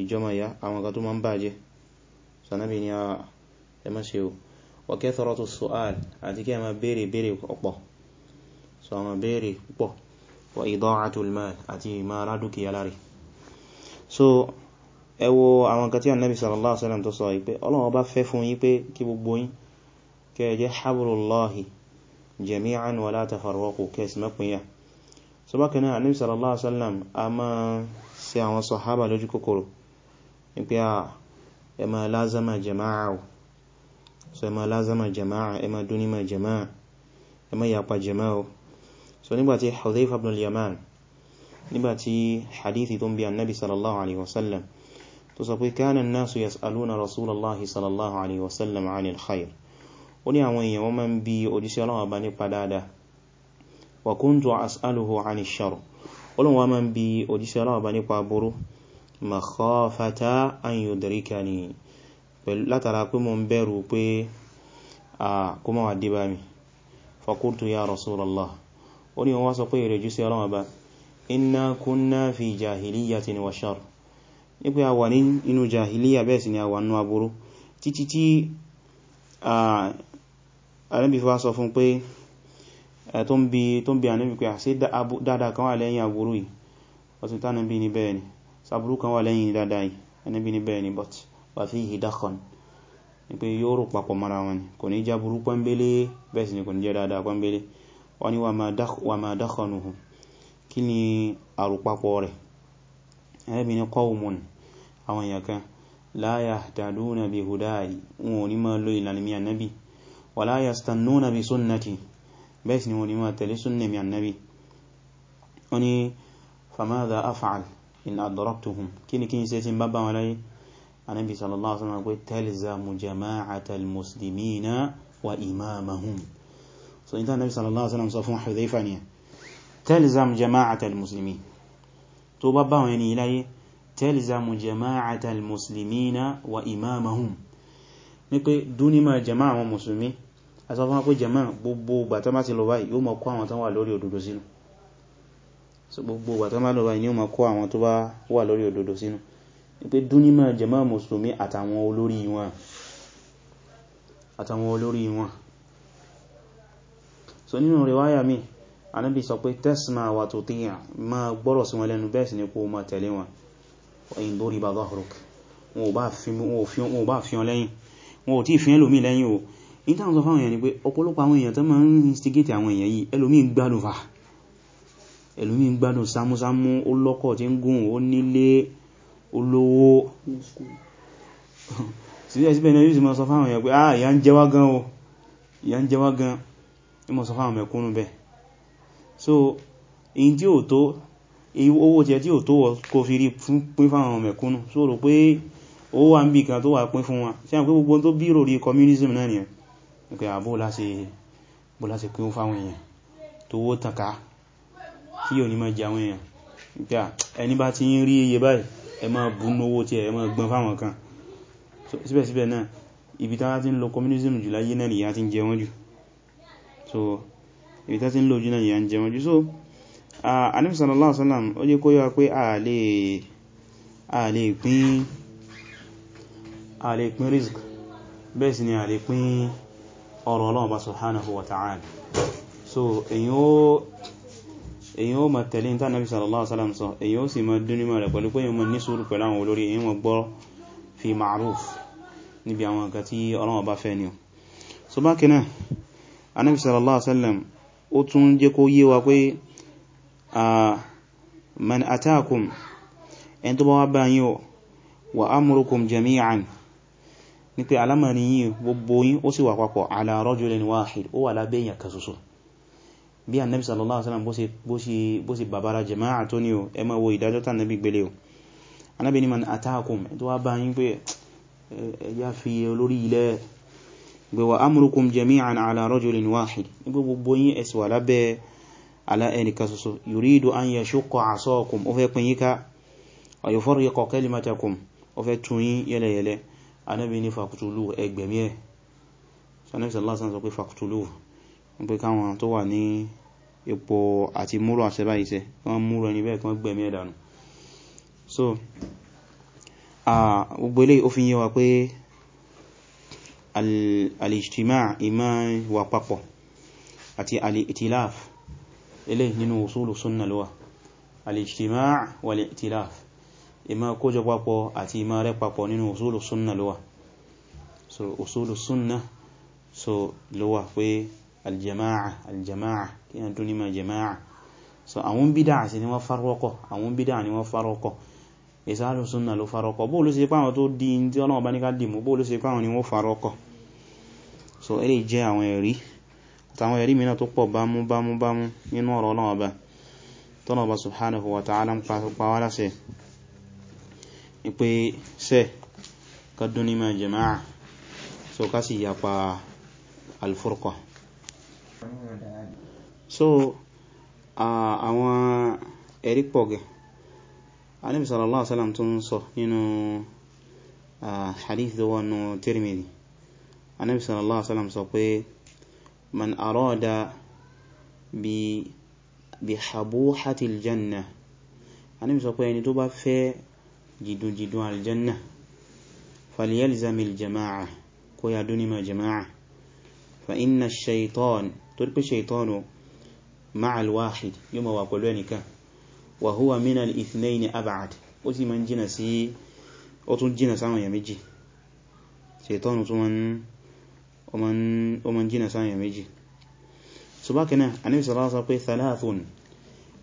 ìjọmọ̀ ya àwọn nǹkan tó ma ń bá jẹ́ sanabi ni a ah, ẹmọ́ ṣe o wa kathratu su'al àti kí a ma béèrè béèrè ọ̀pọ̀ so a ma béèrè púpọ̀ wa ida'atul mal àti ma ra dúkìá so ẹ wo àwọn nǹkan tí annabi sallallahu alaihi wasallam tó sọ yìí pé Ọlọ́run bá fẹ́ fún yín pé kí gbogbo yín كيجي حبل الله جميعا ولا تفرقوا كيس مقيا سبا كنا النبي صلى الله عليه وسلم اما سي اوان صحابه لوجي كوكورو انبيا اما لازم جماعه سو اما لازم جماعه اما دوني ما جماعه اما يابا جماعه سو نباتي حذيفه بن اليمان نباتي حديث دون بي النبي صلى الله عليه وسلم تصبوي كان الناس يسالون رسول الله صلى الله عليه وسلم عن الخير ó ní àwọn èèyàn wọ́n máa ń bi òjíṣẹ́ Ọlọ́run ọba nípa dáadáa wa kuntu as'aluhu 'ani ash-sharr Ọlọ́run wá máa ń bi òjíṣẹ́ Ọlọ́run ọba nípa burú makhafata an yudrikani látara pé mo ń bẹ̀rù pé a kó máa dé bá mi fa qultu ya ní Ànábì fà sọ fún pé tó ń bi Ànábì pé àṣé dáadáa kan wà lẹ́yìn aburú yìí but ta Ànábì ní bẹ́ẹ̀ ni sàbúrú kan wà lẹ́yìn dáadáa yìí Ànábì ní bẹ́ẹ̀ ni but wà fi hìdákan ni pé yóò rò papọ̀ mara wọn kò ní já burú pọ́nbélé bẹ́ẹ̀ sì ni la yahtaduna bi hudaya wọn ò ní máa lo ìlànà mi Ànábì ولا يستنون بسنتي بسني نوني ما تلي سنة من النبي أني فماذا أفعل إن أدركتهم كيني كيني سيتين بابا ولي النبي صلى الله عليه وسلم يقول تلزم جماعة المسلمين وإمامهم سنتين النبي صلى الله عليه وسلم صفوا حذيفانيا تلزم جماعة المسلمين تو بابا ويني إلي تلزم جماعة المسلمين وإمامهم نقول دوني ما جماعة المسلمين àti wọ́n pé jẹ́mọ́ gbogbo ìgbà tán bá ti lọ báyìí yóò mọ̀ kó àwọn tán wà lórí òdodo sínú so gbogbo ìgbà tán bá lọ báyìí yóò mọ̀ kó àwọn tó bá wà lórí òdodo sínú pé dúnímọ̀ jẹ́mọ́ mùsùlùmí àtàwọn olórí wọn so nínú rewáyà mi anábi sọ pé tẹ́sìmá ma gbọ́rọ̀ sí wọn lẹ́nu ma tẹ̀lé wọn ọ̀yìn lórí bá zahruk wọn ò bá fi wọn lẹ́yìn in tàn sọ fáwọn èèyàn ni pé ọ̀pọ̀lọpọ̀ àwọn èèyàn tó máa ń instigate àwọn èèyàn yìí ẹlòmí gbádùn fà ẹlòmí gbádùn sámúsámú ó lọ́kọ̀ tí ń gùn ó nílé olówó síbẹ̀síbẹ̀ náà yóò sọ fáwọn èèyàn pé ah ìyà ń jẹ wá gan o ìyà ń jẹ gan ní mọ̀ sọ fáwọn mẹ̀kúnnù bẹ̀ so èyí tí ò tó owó tí ẹ tí ò tó wọ fi rí pín fáwọn mẹ̀kúnnù so rò pé owó wà ń bí kan tó wà pín fún wa ṣe àpé gbogbo tó bí rò rí communism náà nìyàn pé àbó láti pín fáwọn èèyàn tó wó tànká kí o ní mọ́ jẹ àwọn èèyàn pé ẹni bá ti ń rí iye báyìí ẹ má bú nówó tí ẹ má gbọ́n fáwọn kan síbẹ̀síbẹ̀ náà ibi tá ti ń lo communism jù láyé náà nìyà ti ń jẹ wọ́n jù so ibi tá ti ń lo jù náà nìyà ń jẹ wọ́n jù so Ànábì sallallahu alaihi wasallam ó jẹ́ kó yọ pé a lè pín rizq bẹ́ẹ̀ ọ̀rọ̀ Ọlọ́run bá subhanahu wa ta'ala so èyàn ó ma tẹ̀lé ní tánàbí sallallahu alaihi wasallam sọ èyàn ó sì ma dún nímọ̀ rẹ̀ pẹ̀lú pé èyàn ma ní sùúrù pẹ̀lú àwọn olórí èyàn ma gbọ́ fi ma'ruf níbi àwọn nǹkan tí Ọlọ́run bá fẹ́ ni o so bákan náà anábi sallallahu alaihi ó tún jẹ́ kó yé wa pé man atakum ẹni tó bá wá bá yín wa amrukum jami'an ní pé alámàrí yìí gbogbo yín ó sì wà papọ̀ ala rajulin wahid ó wà lábẹ́ èyàn kan ṣoṣo bí annabi sallallahu alaihi wasallam bó sì bàbára jama'a tó ní o ẹ máa wo ìdájọ́ tán nabi gbélé o anábi ni man atakum tó wá bá yín pé ẹ̀yà fi olórí ilẹ̀ gbé wa amrukum jami'an ala rajulin wahid ní pé gbogbo yín ẹ̀sì wà lábẹ́ ala ẹni kan tún yín yẹlẹyẹlẹ anábi ní fàkútúlù ẹgbẹ̀mí ẹ̀ sanẹ́bìsà lásán sọ pé fàkútúlù ń pé káwọn tó wà ní ipò àti múrò àṣẹ́bá iṣẹ́ kan múrò ẹni bẹ́ẹ̀ kan gbẹ̀mí ẹ̀ dànù so gbogbo ilé ó fi yé wa pé al-ijtima ìmá wà papọ̀ àti al-itilaf ilé nínú usulu sunna ló wà al ìmọ̀ kójọ papọ̀ àti ìmọ̀ rẹ̀ papọ̀ nínú usulu sunna ló so usulu sunna so ló wà pé aljama'a aljama'a kí yàn tó nímọ̀ jama'a so àwọn bídá sí ni wọ́n farọ́kọ̀ àwọn bídá ni wọ́n farọ́kọ̀ ìsáàlù súnnà ló farọ́kọ̀ bóò ló ṣe páwọn tó di tí ọlọ́wọ́ bá ní ká dìmú bóò ló ṣe páwọn ni wọ́n farọ́kọ̀ so eré jẹ́ àwọn ẹ̀rí àtàwọn ẹ̀rí mìíràn tó pọ̀ bámú bámú bámú nínú ọ̀rọ̀ ọlọ́wọ́ bá tọ́nà ọba subhanahu wa ta'ala ń pa wá láṣẹ pé sẹ́ ká dún ní máa jama'a so ká sì yapa alfurqa so àwọn ẹ̀rí pọ̀ gẹ̀ Ànábì sallallahu alaihi wasallam tún sọ nínú hadith dọwọ́ nù Tirmidhi Ànábì sallallahu alaihi wasallam sọ pé man arada bi bi habuhatil janna Ànábì sọ pé jidun jidun aljanna falyelzami aljama'a kó ya dúní ma jama'a fa inna shaitan tó rí pé shaitanu ma'al wahid yóò ma wà pẹ̀lú ẹnìkan wa huwa min al-ithnayn ab'ad ó sì ma ń jìnà sí ó tún jìnà sáwọn èèyàn méjì shaitanu tún ó ma ń jìnà sáwọn èèyàn méjì so bákanáà anábìsọ̀lá sọ pé thalathun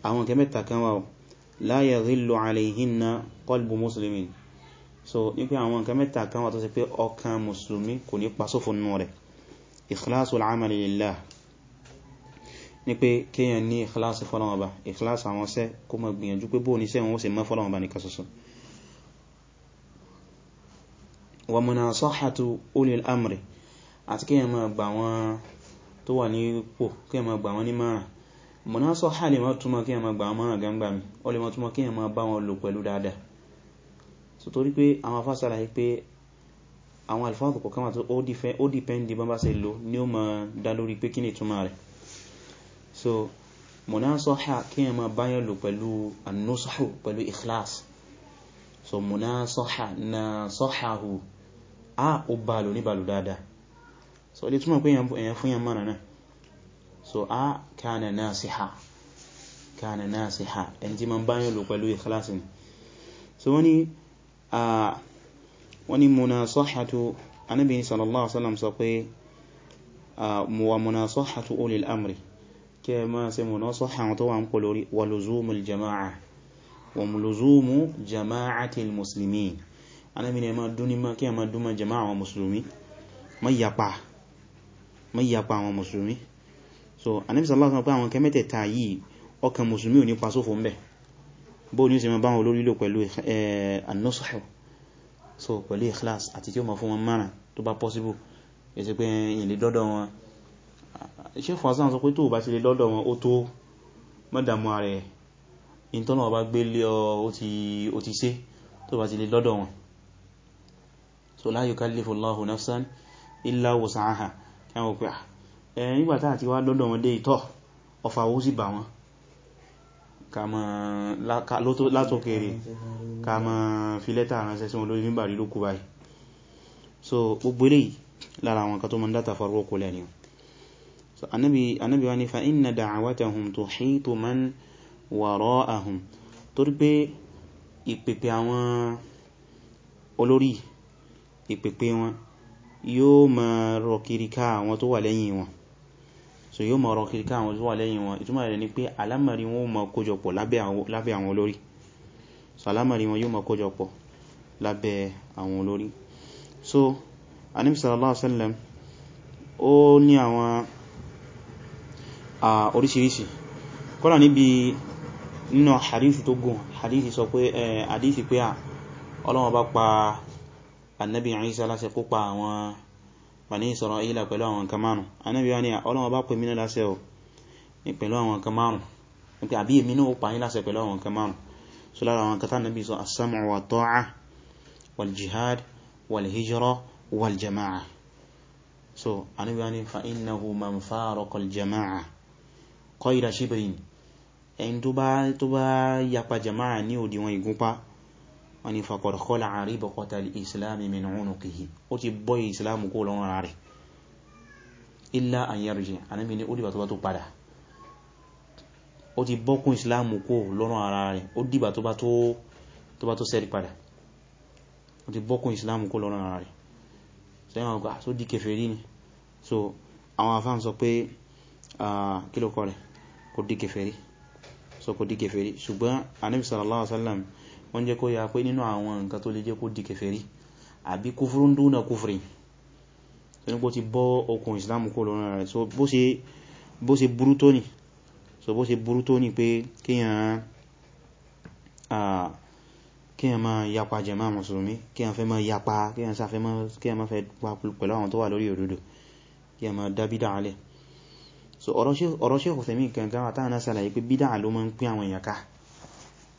àwọn kẹmẹ́ta kan wà la yadhillu alayhinna qalbu muslimin so ní pé àwọn nǹkan mẹ́ta kan wà tó ṣe pé ọkàn musulmi kò ní pa sófò nínú rẹ̀ ikhlasul amali lillah ní pé kíyàn ní ikhlasi fọ́lọ́wọ́ bá ikhlasi àwọn ṣẹ́ kó mọ̀ gbìyànjú pé bóò ní sẹ́ wọ́n sì munasaha lè má túnmọ̀ kí ẹ má gbà mọ́ràn gangbà mi ó lè má túnmọ̀ kí ẹ má bá wọn lò pẹ̀lú dáadáa so torí pé àwọn afásàlá yí pé àwọn alfáàkù kọ̀kan wà tó ó dìpẹ́ndì bá bá ṣe lò ní ó ma dá lórí pé kí ni túnmọ̀ rẹ̀ so munasaha kí ẹ má báyàn lò pẹ̀lú annusahu pẹ̀lú ikhlas so munasaha na sahahu a ó bá lò ní bá dáadáa so ilé túnmọ̀ pé èyàn fún yàn mọ́ràn náà so a kana nasiha kana nasiha ẹni tí ma ń báyàn lò pẹ̀lú ikhlasi ni so wani a wani munasahatu anabi sallallahu alaihi wasallam sọ pé wa munasahatu ulil amri kẹ ma ṣe munasaha àwọn tó wà ń pọ̀ lórí wa luzumul jama'a wa luzumu jama'atil muslimin anabi ne ma duni ma kẹ ma duma jama'a àwọn musulmi ma yapa àwọn musulmi so Ànábì sallallahu alaihi wasallam pé àwọn kẹ́ mẹ́tẹ̀ẹ̀ta yìí ọkàn mùsùlùmí ò ní pa sófò ń bẹ̀ bó ní ṣe ma báwọn olórí lò pẹ̀lú an-nusuhu so pẹ̀lú ikhlas àti tí ó ma fún wọn márùn tó bá possible èsì pé èyàn lè dọ́dọ̀ wọn ṣe fọ́sán sọ pé tó bá ti lè dọ́dọ̀ wọn ó tó mọ́dàmú ààrẹ ìntọ́nà ọba gbé lé ọ ó ti ṣe tó bá ti lè dọ́dọ̀ wọn so la yukallifu Allahu nafsan illa wus'aha kí wọ́n pẹ̀ nígbàtá àti wá lọ́dọ̀ wọn dé ìtọ́ ọfà owó sì bà wọn látòkèrè ká mọ́ fi lẹ́tà ránṣẹ́ sí wọn lórí mímbà rí lókù báyìí so gbogbo eléyìí lára àwọn kan tó mọ́ dátà farko kò lẹ́ni yóò máa rọ̀ kiri ká àwọn tó wà lẹ́yìn wọn so yóò mọ̀ ọ̀rọ̀ kìríkà àwọn tó wà lẹ́yìn wọn ìtumọ̀ rẹ̀ ni pé alámàrí wọn ó mọ̀ kójọpọ̀ lábẹ́ àwọn olórí so alámàrí wọn yóò mọ̀ kójọpọ̀ lábẹ́ àwọn olórí so Ànábì sallallahu alaihi wasallam ó ní àwọn oríṣiríṣi kọ́lá níbi nínú hadisi tó gùn hadisi sọ pé hadisi pé à Ọlọ́hun bá pa Ànábì Ìsá láṣẹ kó àwọn Bani Israila pẹ̀lú àwọn nǹkan márùn anábi wá ní Ọlọ́run bá pè mí náà láṣẹ o ní pẹ̀lú àwọn nǹkan márùn ní pé àbí èmi náà ó pààyín láṣẹ pẹ̀lú àwọn nǹkan márùn so lára àwọn nǹkan tánàbí sọ as-sam'u wa ta'a wal jihad wal wọ́n ni faqad khala'a ribqata al-islam min 'unuqihi ó ti bọ́ islam kó lọ́rùn ara rẹ̀ illa an yarji' anábi ní ó dìbà tó bá tó padà ó ti bọ́kún islam kó lọ́rùn ara rẹ̀ ó dìbà tó bá tó sẹ́rí padà ó ti bọ́kún islam kó lọ́rùn ara rẹ̀ sẹ́wọ̀n ọgbà tó di kèfèrí ni so àwọn wọ́n jẹ́ kó yà pé nínú àwọn nǹkan tó lè jẹ́ kó di kèfèrí àbí kúfúrún dúnà kúfúrí tó ti bọ́ okùn islam kó lọ́rọ̀ rẹ̀ so bó ṣe burú tó ní so bó ṣe burú tó ní pé kíyàn máa yapa jàmáà mùsùlùmí kíyàn fẹ́ máa yapa kíyàn sáfẹ́ máa fẹ́ pẹ̀lú àwọn tó wà lórí òdodo kíyàn máa dá bídá alẹ́ so ọ̀rọ̀ Shaykh Uthaymin kankan àtàrà náà sàlàyé pé bídá ló ń pín àwọn èèyàn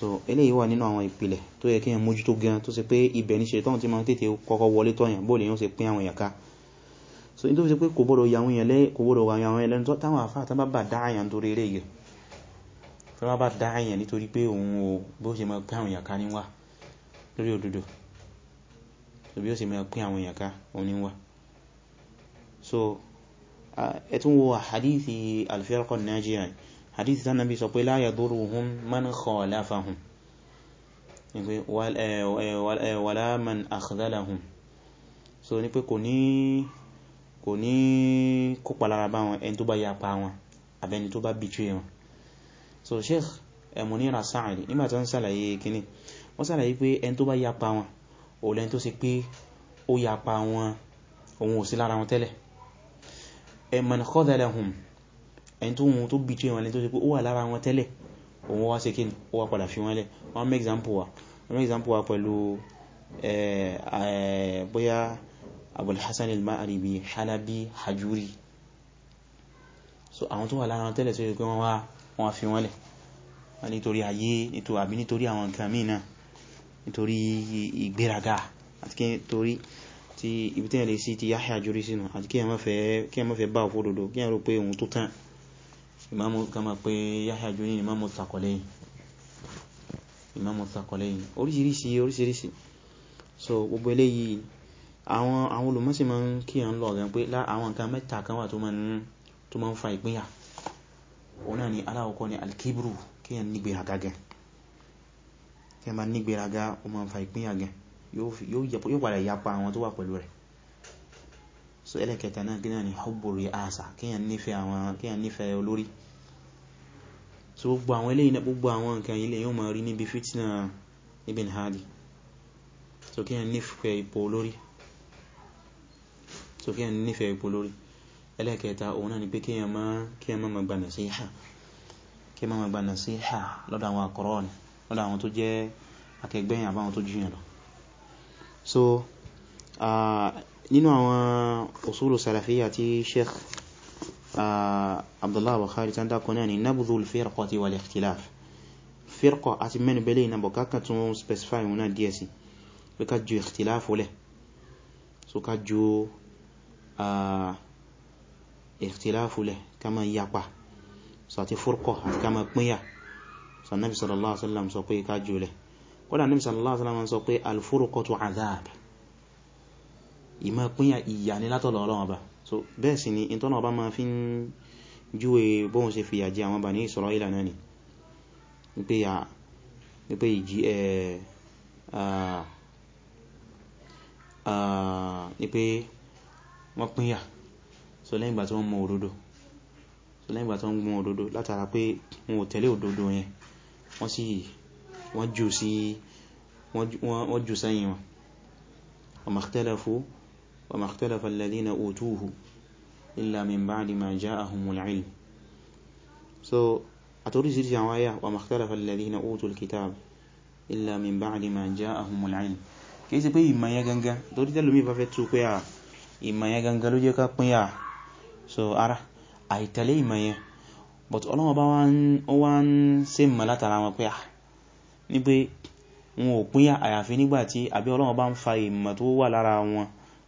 so eléyìí wà nínú àwọn ìpìlẹ̀ tó yẹ kí èyàn mójútó gan tó ṣe pé ibẹ̀ ní ṣetán tí ma ń tètè kọ́kọ́ wọlé tọ́yàn bóòlù yíò ṣe pín àwọn èyàn ká so in tó fi ṣe pé kò gbọ́dọ̀ yàwọn èyàn lẹ́yìn kò gbọ́dọ̀ yàwọn èyàn lẹ́nu táwọn àfáà tán bá dáàyàn nítorí eré yẹ tán bá dáàyàn nítorí pé òun o bó ṣe máa pín àwọn èyàn ká ní wà lórí òdodo so bí ó ṣe máa pín àwọn èyàn ká òun ní wà so ẹ̀tún wo hadithi al-firqa an-najiya hadith tán nàbí sọ pé la yaduruhum man khalafahum eh, eh, eh, wala man akhdhalahum so ní pé kò ní kò ní kópa lára bá wọn ẹni tó bá yapa wọn àbẹni tó bá bìtúyẹ wọn so sheikh Munira Sa'idi nígbàtí wọ́n sàlàyé kíní wọ́n sàlàyé pé ẹni tó bá yapa wọn ò lẹ́ni tó ṣe pé ó yapa wọn òun ò sí lára wọn tẹ́lẹ̀ ẹni tó wọn tó bìtì wọn lẹ́ni tó ṣe pé ó wà lára wọn tẹ́lẹ̀ òun wá ṣe ó wá padà fi wọ́n lẹ̀ wọ́n mẹ́ example wa example wa pẹ̀lú bóyá Abul Hasan al-Ma'ribi Halabi Hajuri so àwọn tó wà lára wọn tẹ́lẹ̀ tó ṣe pé wọ́n wá fi wọ́n lẹ̀ nítorí ayé àbí nítorí àwọn nǹkan míì náà nítorí ìgbéraga àti kí nítorí tí ibi tí ẹ̀ lè sí ti Yahya Hajuri sínú àti kí ẹ má fẹ́ bá òfòdòdó kí ẹ rò pé òun tó tán ìmáàmù kama máa pé Yahya Joni ìmáàmù Thaqalayn ìmáàmù Thaqalayn oríṣiríṣi oríṣiríṣi so gbogbo eléyìí àwọn àwọn olùmọ́sí máa ń kí à ń lọ gan pé àwọn nǹkan mẹ́ta kan wà tó máa ń fa ìpínyà òun náà ni aláwọ̀kọ́ ni alkibru kí yẹn nígbéraga gan kí yẹn bá nígbéraga ó máa ń fa ìpínyà gan yóò padà yapa àwọn tó so ẹlẹ́kẹta náà gínà ní hubbu ri'asa kíyàn nífẹ̀ẹ́ àwọn kíyàn nífẹ̀ẹ́ olórí so gbogbo àwọn eléyìí náà gbogbo àwọn nǹkan ilẹ̀ yóò máa rí níbi fitna ibn hadi so kíyàn nífẹ̀ẹ́ ipò olórí so kíyàn nífẹ̀ẹ́ ipò olórí ẹlẹ́kẹta òun náà ni pé kíyàn má kíyàn má gba nasiha kíyàn má gba nasiha lọ́dọ̀ àwọn akọrọ́ọ̀nì lọ́dọ̀ àwọn tó jẹ́ akẹgbẹ́yìn àbáwọn tó jiyàn lọ so uh, nínú àwọn usulu salafiyya tí sheikh ah, abdullahi bukhari tán dákọ náà ni nabdhul firqati wal ikhtilaf firqa àti mẹ́nu belẹ̀ ìnàbọ̀ kákan tún specify wọn náà díẹ̀ sí pé ká ju ikhtilafu lẹ̀ so ká ju ah, ikhtilafu lẹ̀ ká má yapa so àti firqa àti ká má pínyà so annabi sallallahu alaihi sọ pé ká ju lẹ̀ ìmọ̀ pínyà ìyà ní látọ̀lọ̀ Ọlọ́run Ọba so bẹ́ẹ̀ sì ni ìtọ́nà ọba máa fi ń júwe bóhun ṣe fìyà jẹ àwọn Bani Israila náà ni wípé ìjì ẹ̀ ní pé wọ́n pínyà so lẹ́yìn ìgbà tí wọ́n mọ òdodo so lẹ́yìn ìgbà tí wọ́n mọ òdodo látara pé wọn ò tẹ̀lé òdodo yẹn wọ́n sì wọ́n jù sẹ́yìn wọn wa makhtalafu وما اختلف الذين أوتوه إلا من بعد ما جاءهم العلم so أتوري سيرجع وياه وما اختلف الذين أوتوا الكتاب إلا من بعد ما جاءهم العلم kìí ṣe pé ìmọ̀ yẹn gangan torí tẹ́lùmí bá fẹ́ tú pé à ìmọ̀ yẹn gangan ló jẹ́ ká pín à so ara àìtẹ̀lé ìmọ̀ yẹn but ọlọ́wọ́ bá wá ń ṣe mọ̀ látara wọn pé à ní pé wọn ò pín àyàfi nígbàtí àbí ọlọ́wọ́ bá ń fa ìmọ̀ tó wà lára wọn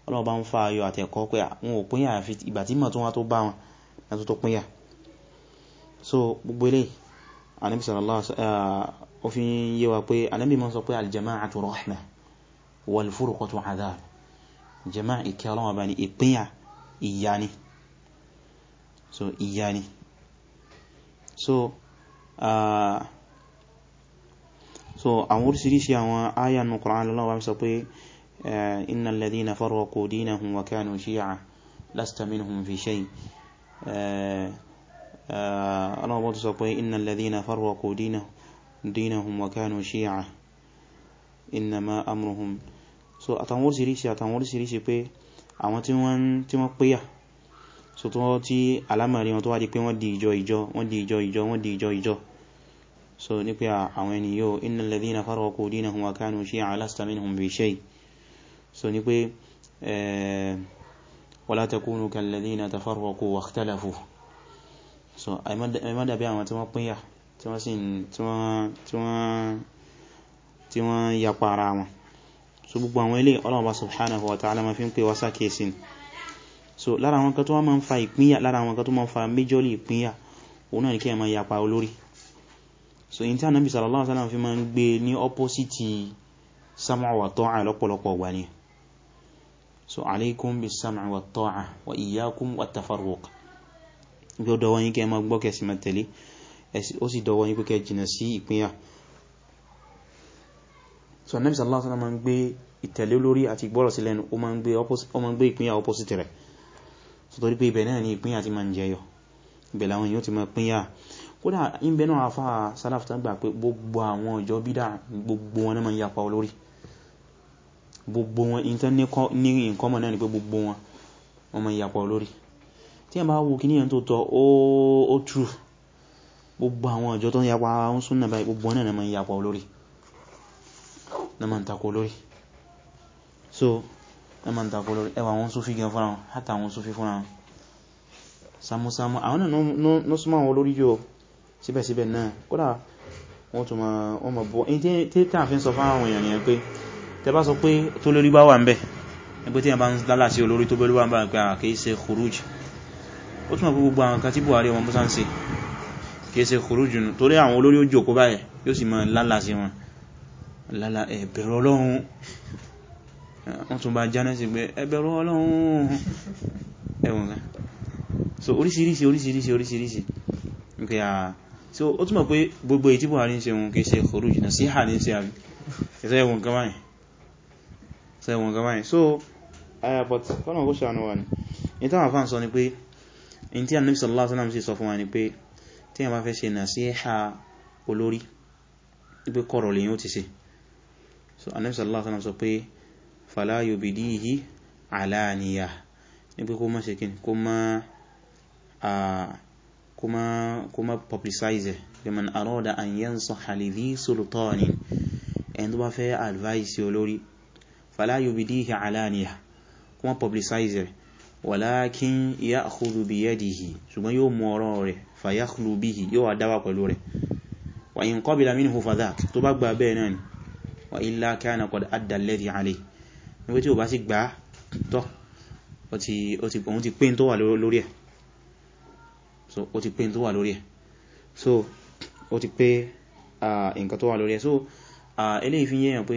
ọlọ́ọ̀bá ń fa ayọ̀ àti ẹ̀kọ́ pé wọn ò pínyà àfi ìgbà tí mọ̀ tó wá tó bá wọn na tó tó pínyà so gbogbo ilé Ànábì sallallahu òfin yé wa pé Ànábì mọ́ sọ pé aljama'atu rahma wal furqatu adhab jama'a ìkẹ́ ọlọ́wọ́ so ìyà so uh, so àwọn orísìírísìí àwọn áyà nù Kùránì lọ́wọ́ إن الذين فرقوا دينهم وكانوا شيعة لست منهم في شيء ọlọ́wọ́ tó إن الذين iná lèdínà وكانوا شيعة إنما أمرهم ṣíyà iná ma amurhun so àtàwọn orísìírísì àtàwọn orísìírísì pé àwọn tí wọ́n tí wọ́n pèyà so tó tí alámàrí wọn tó wá di pé wọ́n di ìjọ ìjọ wọ́n di ìjọ ìjọ wọ́n di ìjọ ìjọ so ní pé àwọn ènìyàn iná lèdínà farwakò dínahun wa kánù ṣíyà lásìtàmínhun bí ṣe yìí so ní pé eh, wala takunu kalladhina tafarraqu wakhtalafu so àìmọ́dàbí àwọn tí wọ́n pínyà tí wọ́n yapa ara wọn so gbogbo àwọn ilé ọlọ́ọ̀bá subhanahu wa ta'ala ma fi ń pè wá sákèsí so lára àwọn kan tó wá ma ń fa ìpínyà lára àwọn kan tó ma ń fa méjọ́lì ìpínyà òun náà ní kí ẹ ma yapa olórí so in tí a nábi sallallahu alaihi wasallam fi ma ń gbé ní opposite sam'a wa ta'a lọ́pọ̀lọpọ̀ wà ní so alaykum bis-sam'i wat-ta'a wa iyyakum wat-tafarruq bí ó dọwọ́ yín kẹ ma gbọ́ kẹsì ma tẹ̀lé ó sì dọwọ́ yín kẹ jìnà sí ìpínyà so Ànábì sallallahu alaihi wasallam ma ń gbé ìtẹ̀lé olórí àti ìgbọ́rọ̀ sí lẹ́nu ó ma ń gbé ìpínyà opposite rẹ̀ so torí pé ibẹ̀ náà ni ìpínyà ti ma ń jẹyọ ibẹ̀ láwọn yóò ti ma pínyà kódà ìbẹ̀ náà afá salaf tán gbà pé gbogbo àwọn ìjọ bídà gbogbo wọn náà ma ń yapa olórí gbogbo wọn ìtàn ní nǹkan mọ̀ náà ni pé gbogbo wọn wọ́n mọ̀ ìyàpọ̀ lórí tí ẹ bá wo kí ní ẹ̀ tó tọ́ ó trú gbogbo àwọn ọjọ́ tó ń yapa ń súnnà báyìí gbogbo náà mọ̀ ìyàpọ̀ lórí na ma ń takò lórí so na ma ń takò lórí ẹwà wọn Sufi gan fúnra wọn hátà wọn Sufi fúnra wọn samusamu àwọn náà ló súnmọ́ wọn lórí yóò síbẹ̀síbẹ̀ náà kódà wọ́n tún ma wọ́n ma bọ́ tẹbá sọ pé tó lórí bá wà ń bẹ̀ ẹgbẹ́ tí a bá ń lálà sí olórí tó bẹ́lú wà ń bá gbà kìí ṣe khuruj ó túnmọ̀ pé gbogbo àwọn kan tí Buhari wọn bọ́sá ń ṣe kìí ṣe khuruj nù àwọn olórí ó jòkó báyẹ̀ yóò sì máa lálà sí wọn lálà Ọlọ́run so oríṣiríṣi oríṣiríṣi oríṣiríṣi okay ah so ó túnmọ̀ pé gbogbo èyí sẹ́wọ̀n gan báyìí so uh, but fọ́nà ó ṣàánú wa ni in táwọn afáàn sọ ni pé in tí Ànábì sallallahu alaihi wasallam sì sọ fún wa ni pé tí a bá fẹ́ ṣe nasiha olórí pé kọ̀rọ̀ lèyìn ó ti ṣe so Ànábì sallallahu alaihi wasallam sọ pé fala yubidihi alaniya ní pé kó má ṣe kín kó má publicize liman arada an yansaha li dhi sultanin ẹni tó bá fẹ́ advice olórí fala yubidihi alaniya kuma publicize rẹ̀ walakin ya'khudhu biyadihi ṣùgbọ́n yóò mú ọ̀rọ̀ rẹ̀ fayakhlu bihi yóò wà dáwà pẹ̀lú rẹ̀ wa in qabila minhu fadhak tó bá gba bẹ́ẹ̀ náà ni wa illa kana qad adda alladhi alayhi níbi tí ó bá sì gbá tọ́ òun ti pín tó wà lórí ẹ̀ so ó ti eléyìí fi yẹ́yàn pé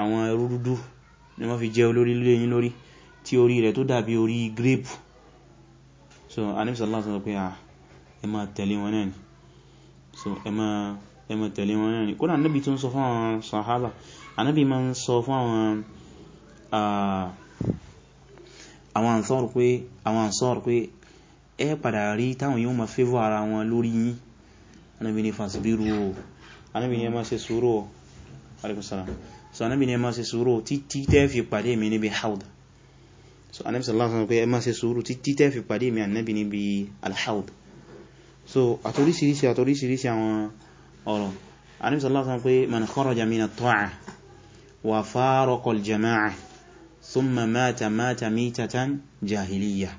àwọn ẹrú dúdú ni wọ́n fi jẹ olórí lé yín lórí tí orí rẹ̀ tó dàbí orí grape so Ànábì sallallahu alaihi wasallam pé à ah, ẹ máa tẹ̀lé wọn náà ni so ẹ máa tẹ̀lé wọn náà ni kódà Ànábì tó ń sọ fún àwọn sàhábà Ànábì máa ń sọ fún àwọn àwọn ansọ́rù pé àwọn ansọ́rù pé ẹ padà rí táwọn yóò máa favor ara wọn lórí yín Ànábì ní fàṣibírù o Ànábì ní ẹ máa ṣe sùúrù o alaikumussalam so anábi ni ẹ má ṣe sùúrù títí tẹ́ fi pàdé mi níbi haud so anábi sallallahu alaihi wasallam pé ẹ má ṣe sùúrù títí tẹ́ fi pàdé mi anábi níbi alhaud so àtoríṣiríṣi àtoríṣiríṣi àwọn ọ̀rọ̀ anábi sallallahu alaihi wasallam pé man kharaja min at-ta'a wa faraqa al-jama'a thumma mata mata mitatan jahiliya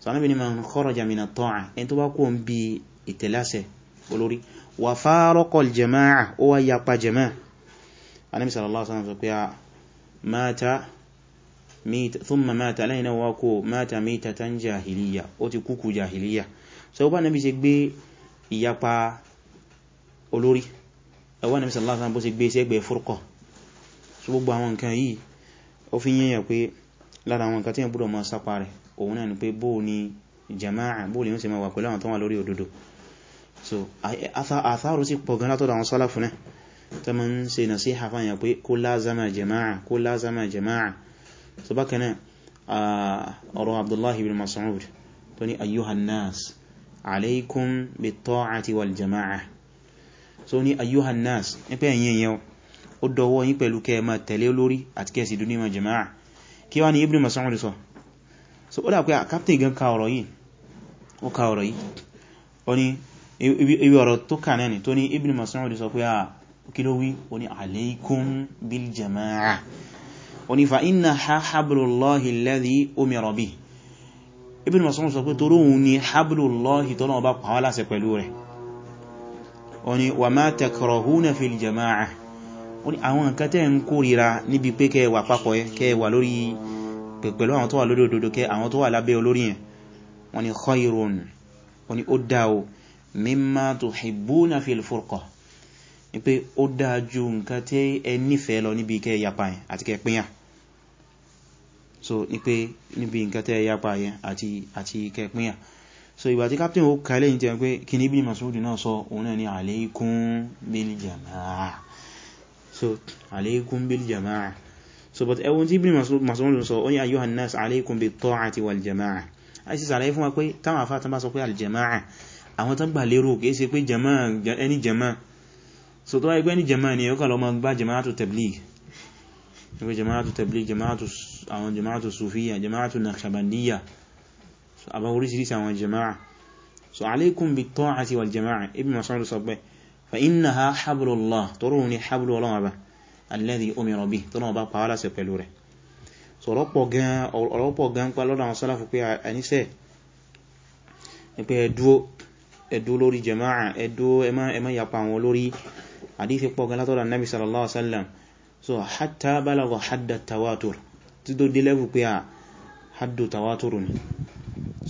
so anábi ni man kharaja min at-ta'a ẹni tó bá kó ń bi ìtẹ̀láṣẹ olórí wa faraqa al-jama'a ó wá yapa jama'a Ànábì sallallahu alaihi wasallam sọ pé a mata mita thumma mata lẹ́yìn náà wákò mata mita tan jahiliya ó ti kúkú jahiliya so bá Ànábì ṣe gbé ìyapa olórí ẹwà Ànábì sallallahu alaihi wasallam bó ṣe gbé sẹ́gbẹ̀ furqa so gbogbo àwọn nǹkan yìí ó fi yíyàn pé lára àwọn nǹkan tí yẹn gbọ́dọ̀ máa sápa rẹ̀ òun náà ni pé bóò ni jama'a bóò lè ń ṣe máa wà pẹ̀lú àwọn tó wà lórí òdodo so àtàrò sí pọ̀ látọ̀dọ̀ àwọn sálàfù náà tó ma ń ṣe nasiha fáyà pé kó lázama jama'a kó lázama jama'a so bákan náà ọ̀rọ̀ abdullahi ibn mas'ud tó ní ayyuhan nas alaikum bi ta'ati wal jama'a so ní ayyuhan nas nípẹ́ ẹ̀yin yẹn ó dọwọ́ yín pẹ̀lú kẹ́ ma tẹ̀lé olórí àti kẹ́ sì dúní ma jama'a kí wá ní ibn mas'ud sọ so ó dà pé captain gan ka ọ̀rọ̀ yìí ó ka ọ̀rọ̀ yìí ó ní ibi ọ̀rọ̀ tó kà náà ni tó ní ibn mas'ud sọ pé ah kí ló wí ó ní alaykum bil jama'a ó ní fa inna ha hablullahi alladhi umira bihi Ibn Mas'ud sọ pé torí òun ni hablullahi tọ́nà ọba pàwọ́ láṣẹ pẹ̀lú rẹ̀ ó ní wa ma takrahuna fil jama'a ó àwọn nǹkan ń kórìíra níbi pé kẹ́ wà papọ̀ kẹ́ wà lórí pẹ̀lú àwọn tó wà lórí òdodo kẹ́ àwọn tó wà lábẹ́ olórí yẹn wọ́n ní khayrun wọ́n ní ó dá o mimma tuhibbuna fil furqa ní pé ó dáa ju nǹkan tí ẹ nífẹ̀ẹ́ lọ níbi kẹ́ yapa yẹn àti kẹ́ pínyà so ní pé níbi nǹkan tẹ́ yapa yẹn àti àti kẹ́ pínyà so ìgbà tí captain ó kà lẹ́yìn tí pé kí ní bí Mas'ud náà sọ òun náà ni alaykum bil so alaykum bil so but ẹwọ́n tí Ibn Mas'ud sọ ó ní ayyuhan nas alaykum bit ta'ati wal jamaa a sì sàlàyé fún wa pé táwọn afá tán bá sọ pé al àwọn tán gbà lérò kìí ṣe pé ẹni jamaa so tó wáyé pé ní jẹma ni ọkà lọ ma bá jama'atu tabligh ẹgbẹ́ jama'atu tabligh jama'atu àwọn jama'atu sufiya jama'atu nakhshabandiyya so àbá oríṣiríṣi àwọn jama'a so alaykum bi ta'ati wal jama'a Ibn Mas'ud sọ pé fa innaha hablullah tọrọ ni hablu Ọlọ́run ọba alladhi umira bihi tọrọ ọba pàwàlá sí pẹ̀lú rẹ̀ so ọ̀rọ̀pọ̀ gan pa lọ́dọ̀ àwọn sálàfù pé àníṣẹ́ lórí jama'a ẹdúó ẹmá yapa àwọn lórí hadithi pọ̀ gan látọ̀dọ̀ annabi sallallahu alaihi wasallam so hatta balagha hadda tawatur tí tó dé level pé a ah, haddu tawatur ni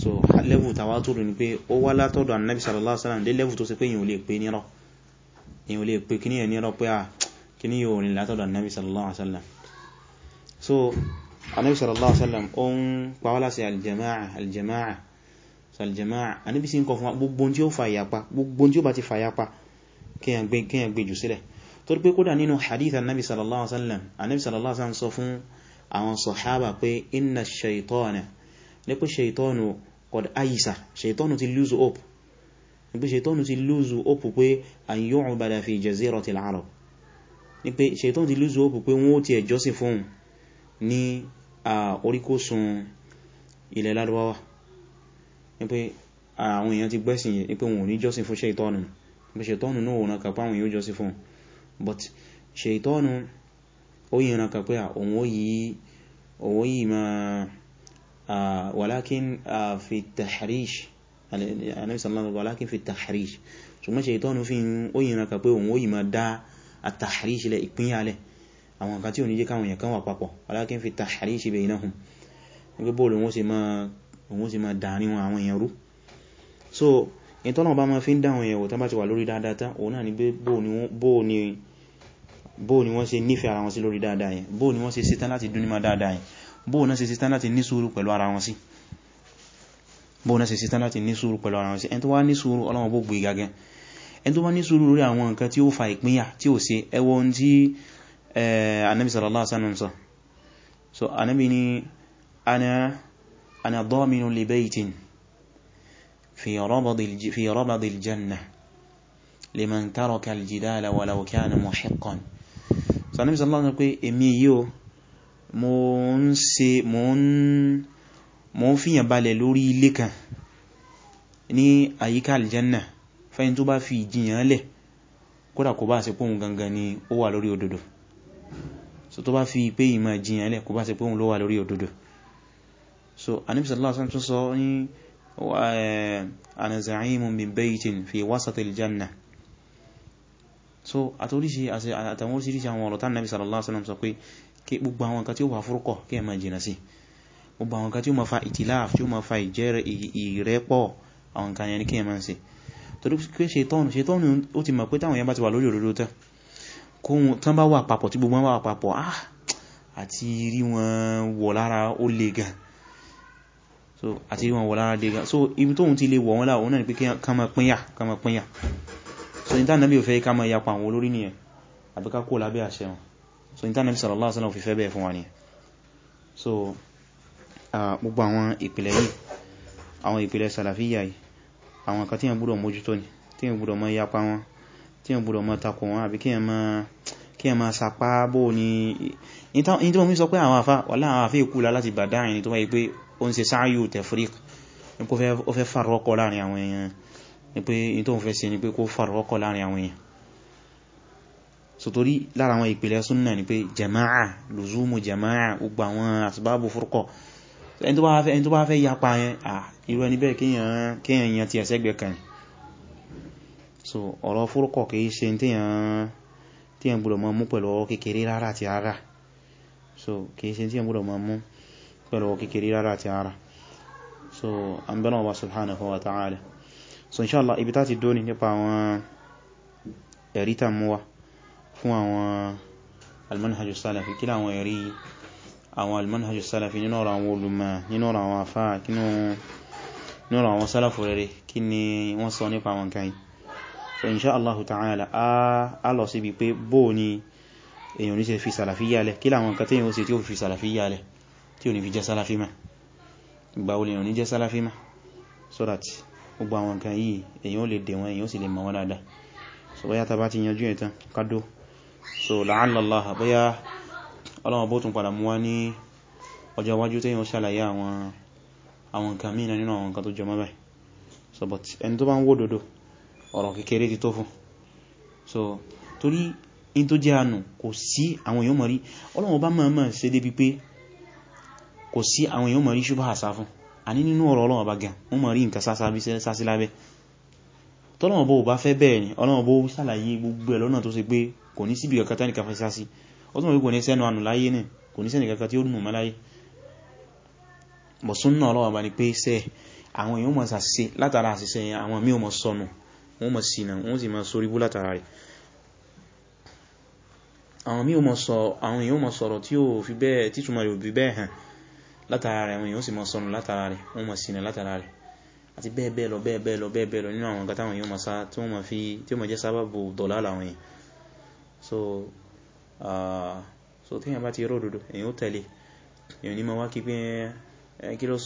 so level tawatur ni pé ó wá látọ̀dọ̀ annabi sallallahu alaihi wasallam dé level tó ṣe pé èyàn ò lè pè ní rọ́ èyàn ò lè pè kíní ah, so annabi sallallahu alaihi wasallam ó ń pàwọ́lá sí aljama'a aljama'a so aljama'a annabi sì ń kọ fún gbogbo tí ó fàyàpa ti fàyàpa kíyàn gbé jù sílẹ̀ torí pé kódà nínú hadith annabi sallallahu alaihi wasallam annabi sallallahu alaihi wasallam sọ fún àwọn sọ̀hábà pé inna shaitana ní pé shaitanu qad ayisa shaitanu ti lose hope ní pé shaitanu ti lose hope pé an yu'bada fi jaziratil arab ní pé shaitanu ti lose hope pé wọ́n ti ẹjọ́sìn fún ní oríkósun ilẹ̀ lárúbáwá ní pé àwọn èèyàn ti gbẹ́sìn ní pé wọn ní jọ́sìn fún shaitanu bí ṣètọ́nù náà òun kan páwọn yóò sí fún but ṣètọ́nù ó yìí ràn kan pé òun ó yìí ma walakin fi tahrish anẹ́bìsànlọ́nà walakin fi tahrish ṣùgbọ́n ṣètọ́nù fi ó yìí ràn kan pé òun ó yìí ma dá àtàhríṣ ilẹ̀ ìpínyàlẹ̀ àwọn nǹkan tí ò ní jẹ́ káwọn èèyàn kan wà papọ̀ walakin fi tahrish bainahum nígbé bóòlù wọ́n sì so ìtọ́nà bá ma fi ń dáwọn èèyàn tán bá ti wà lórí dáadáa tán òun náà ni pé bóò ni wọ́n ṣe nífẹ̀ẹ́ ara wọn sí lórí dáadáa yẹn bóò ni wọ́n ṣe ṣetán láti dún níma dáadáa yẹn bóò náà ṣe ṣetán láti ní sùúrù pẹ̀lú ara wọn sí bóò náà ṣe ṣetán láti ní sùúrù pẹ̀lú ara wọn sí ẹni tó wá ní sùúrù ọlọ́wọ́ bó gbé gagẹ́ ẹni tó wá ní sùúrù lórí àwọn nǹkan tí ó fa ìpínyà tí ó ṣe ẹwọ ohun tí anabi sallallahu alaihi wasallam sọ so anabi ni ana ana dhaminu li في ربض, في ربض الجنة لمن ترك الجدال ولو كان محقا so صلى الله عليه وسلم. pé èmi yìí o mo ń ṣe àyíká aljanna fẹ́yìn tó bá fi ìjìyàn lẹ̀ kódà kò bá ṣe pé gangan ni ó wà lórí òdodo so tó bá fi pé ìmọ̀ ìjìyàn lẹ̀ kò bá ṣe pé ló wà lórí òdodo so Ànábì sallallahu tún sọ ní Eh, ana za'imun min baytin fi wasatil janna so àtòríṣi àtàwọn oríṣiríṣi àwọn ọ̀rọ̀ tán nàbí sallallahu alaihi wasallam sọ pé kí gbogbo àwọn nǹkan tí ó wà fúrúkọ̀ kí ẹ máa jìnà sí gbogbo àwọn nǹkan tí ó máa fa ìtìláàf tí ó máa fa ìjẹ́rẹ̀ ìrẹ́pọ̀ àwọn nǹkan yẹn kí ẹ máa ṣe torí pé ṣetọ́nù ṣetọ́nù ó ti mọ̀ pé táwọn yẹn bá ti wà lórí òdodo tán kóhun tán bá wà papọ̀ tí gbogbo wọn wà ah àti rí wọn wọ̀ lára ó le gan so àti rí wọn wọ lára dega so ibi tóhun ti lè wọ̀ wọ́n láwọn náà ni pé ká má pínyà ká má so ní tánàbí ò fẹ́ ká má yapa àwọn olórí nìyẹn àbí ká kó lábẹ́ àṣẹ wọn so ní tánàbí sallallahu alaihi wasallam ò fi bẹ́ẹ̀ fún so gbogbo àwọn ìpìlẹ̀ yìí àwọn ìpìlẹ̀ sàlàfíyà yìí àwọn nǹkan tí ni tí yẹn gbọ́dọ̀ má yapa wọn tí yẹn gbọ́dọ̀ má takò wọn àbí kí yẹn má kí ẹ máa sàpá bóò ní ní tí wọ́n fi sọ pé àwọn àfá ni tó wáyé ó ń ṣe sáàyù tefriq ní pé ó fẹ́ farọ́kọ láàrin àwọn èèyàn ní pé in tó ń fẹ́ ṣe ní pé kó farọ́kọ láàrin àwọn èèyàn so torí lára àwọn ìpìlẹ̀ súnnà ni pé jama'a lùzúmù jama'a gbogbo àwọn asbábù fúrkọ̀ ẹni tó bá fẹ́ yapa yẹn à irú ẹni bẹ́ẹ̀ kíyàn yàn ti ẹ̀sẹ́gbẹ̀ kan so ọ̀rọ̀ fúrkọ̀ kìí ṣe tíyàn gbọ́dọ̀ mọ́ mú pẹ̀lú ọwọ́ kékeré rárá ti rárá so kìí ṣe tíyàn gbọ́dọ̀ mọ́ mú pẹ̀lú kékeré rárá àti ara so an bẹ̀rẹ̀ ọba subhanahu wa ta'ala so inshallah ibi tá ti dóni nípa àwọn ẹ̀rí tàmúwa fún àwọn almanhajjus salafi kí láwọn ẹ̀rí àwọn almanhajjus salafi nínú ọ̀rọ̀ àwọn olùmọ̀ nínú ọ̀rọ̀ àwọn afá nínú àwọn sálàfù rere kí ni wọ́n sọ nípa àwọn so inshallah ta'ala a lọ síbi pé bóò ni èyàn ní ṣe fi sàlàfíyà lẹ̀ kí láwọn nǹkan tí èyàn ó tí ó fi sàlàfíyà lẹ̀ tí ò ní fi jẹ́ sálàfí mẹ́ ìgbà olè ò ní jẹ́ sálàfí mẹ́ so that gbogbo àwọn nǹkan yìí èyàn ò lè dè èyàn ò sì lè mọ̀ wọn dáadáa so bóyá ta bá ti yanjú ẹ̀ tán kádó so la'allallah bóyá ọlọ́wọ́ bó tún padà mú wá ní ọjọ́ iwájú tí èyàn ṣàlàyé so but ẹni tó bá ń wó dodo ọ̀rọ̀ kékeré ti tó mọ̀ mọ̀ mọ̀ débi pé kò sí àwọn èèyàn mọ̀ rí ṣubá àsá fún àní nínú ọ̀rọ̀ Ọlọ́run bá gan wọ́n mọ̀ rí nǹkan sásí lábẹ́ tọ́lọ́run bó bá fẹ́ bẹ́ẹ̀ ni Ọlọ́run bó sàlàyé gbogbo ẹ̀ lọ́nà tó ṣe pé kò ní síbi kankan tánìkà fẹ́ sásí ó túnmọ̀ pé kò ní sẹ́nu ànù láyé ní kò ní sẹ́nì kankan tí ó nù mọ́ láyé bọ̀súnnà Ọlọ́run bá ní pé sẹ́ àwọn èèyàn mọ̀ sàṣe látara àṣìṣe yẹn àwọn mí ò mọ̀ sọnù wọ́n mọ̀ sínà wọ́n sì mọ̀ sórí bú látara rẹ̀ àwọn mí ò mọ̀ sọ̀rọ̀ tí ó fi bẹ́ẹ̀ títúmọ̀ rẹ̀ ò bí bẹ́ẹ̀ hàn látara rẹ̀ wọ́n yóò sì mọ́ sọnù látara rẹ̀ wọ́n mọ́ sínú látara rẹ̀ àti bẹ́ẹ̀ bẹ́ẹ̀ lọ bẹ́ẹ̀ bẹ́ẹ̀ lọ bẹ́ẹ̀ bẹ́ẹ̀ lọ nínú àwọn nǹkan táwọn yóò máa sá tí ó máa jẹ́ sábàbù dọ̀lá làwọn yìí so so tí èyàn bá ti ródòdó èyàn ó tẹ̀lé èyàn ní ma wá kí pé kí ló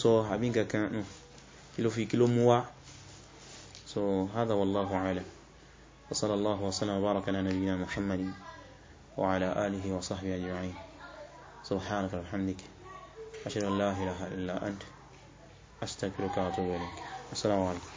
so hádà wallahu a'lam wa sallallahu wa sallam wa baraka ala nabiyyina muhammadin wa ala alihi wa sahbihi أشهد أن لا إله إلا أنت أستغفرك وأتوب إليك السلام عليكم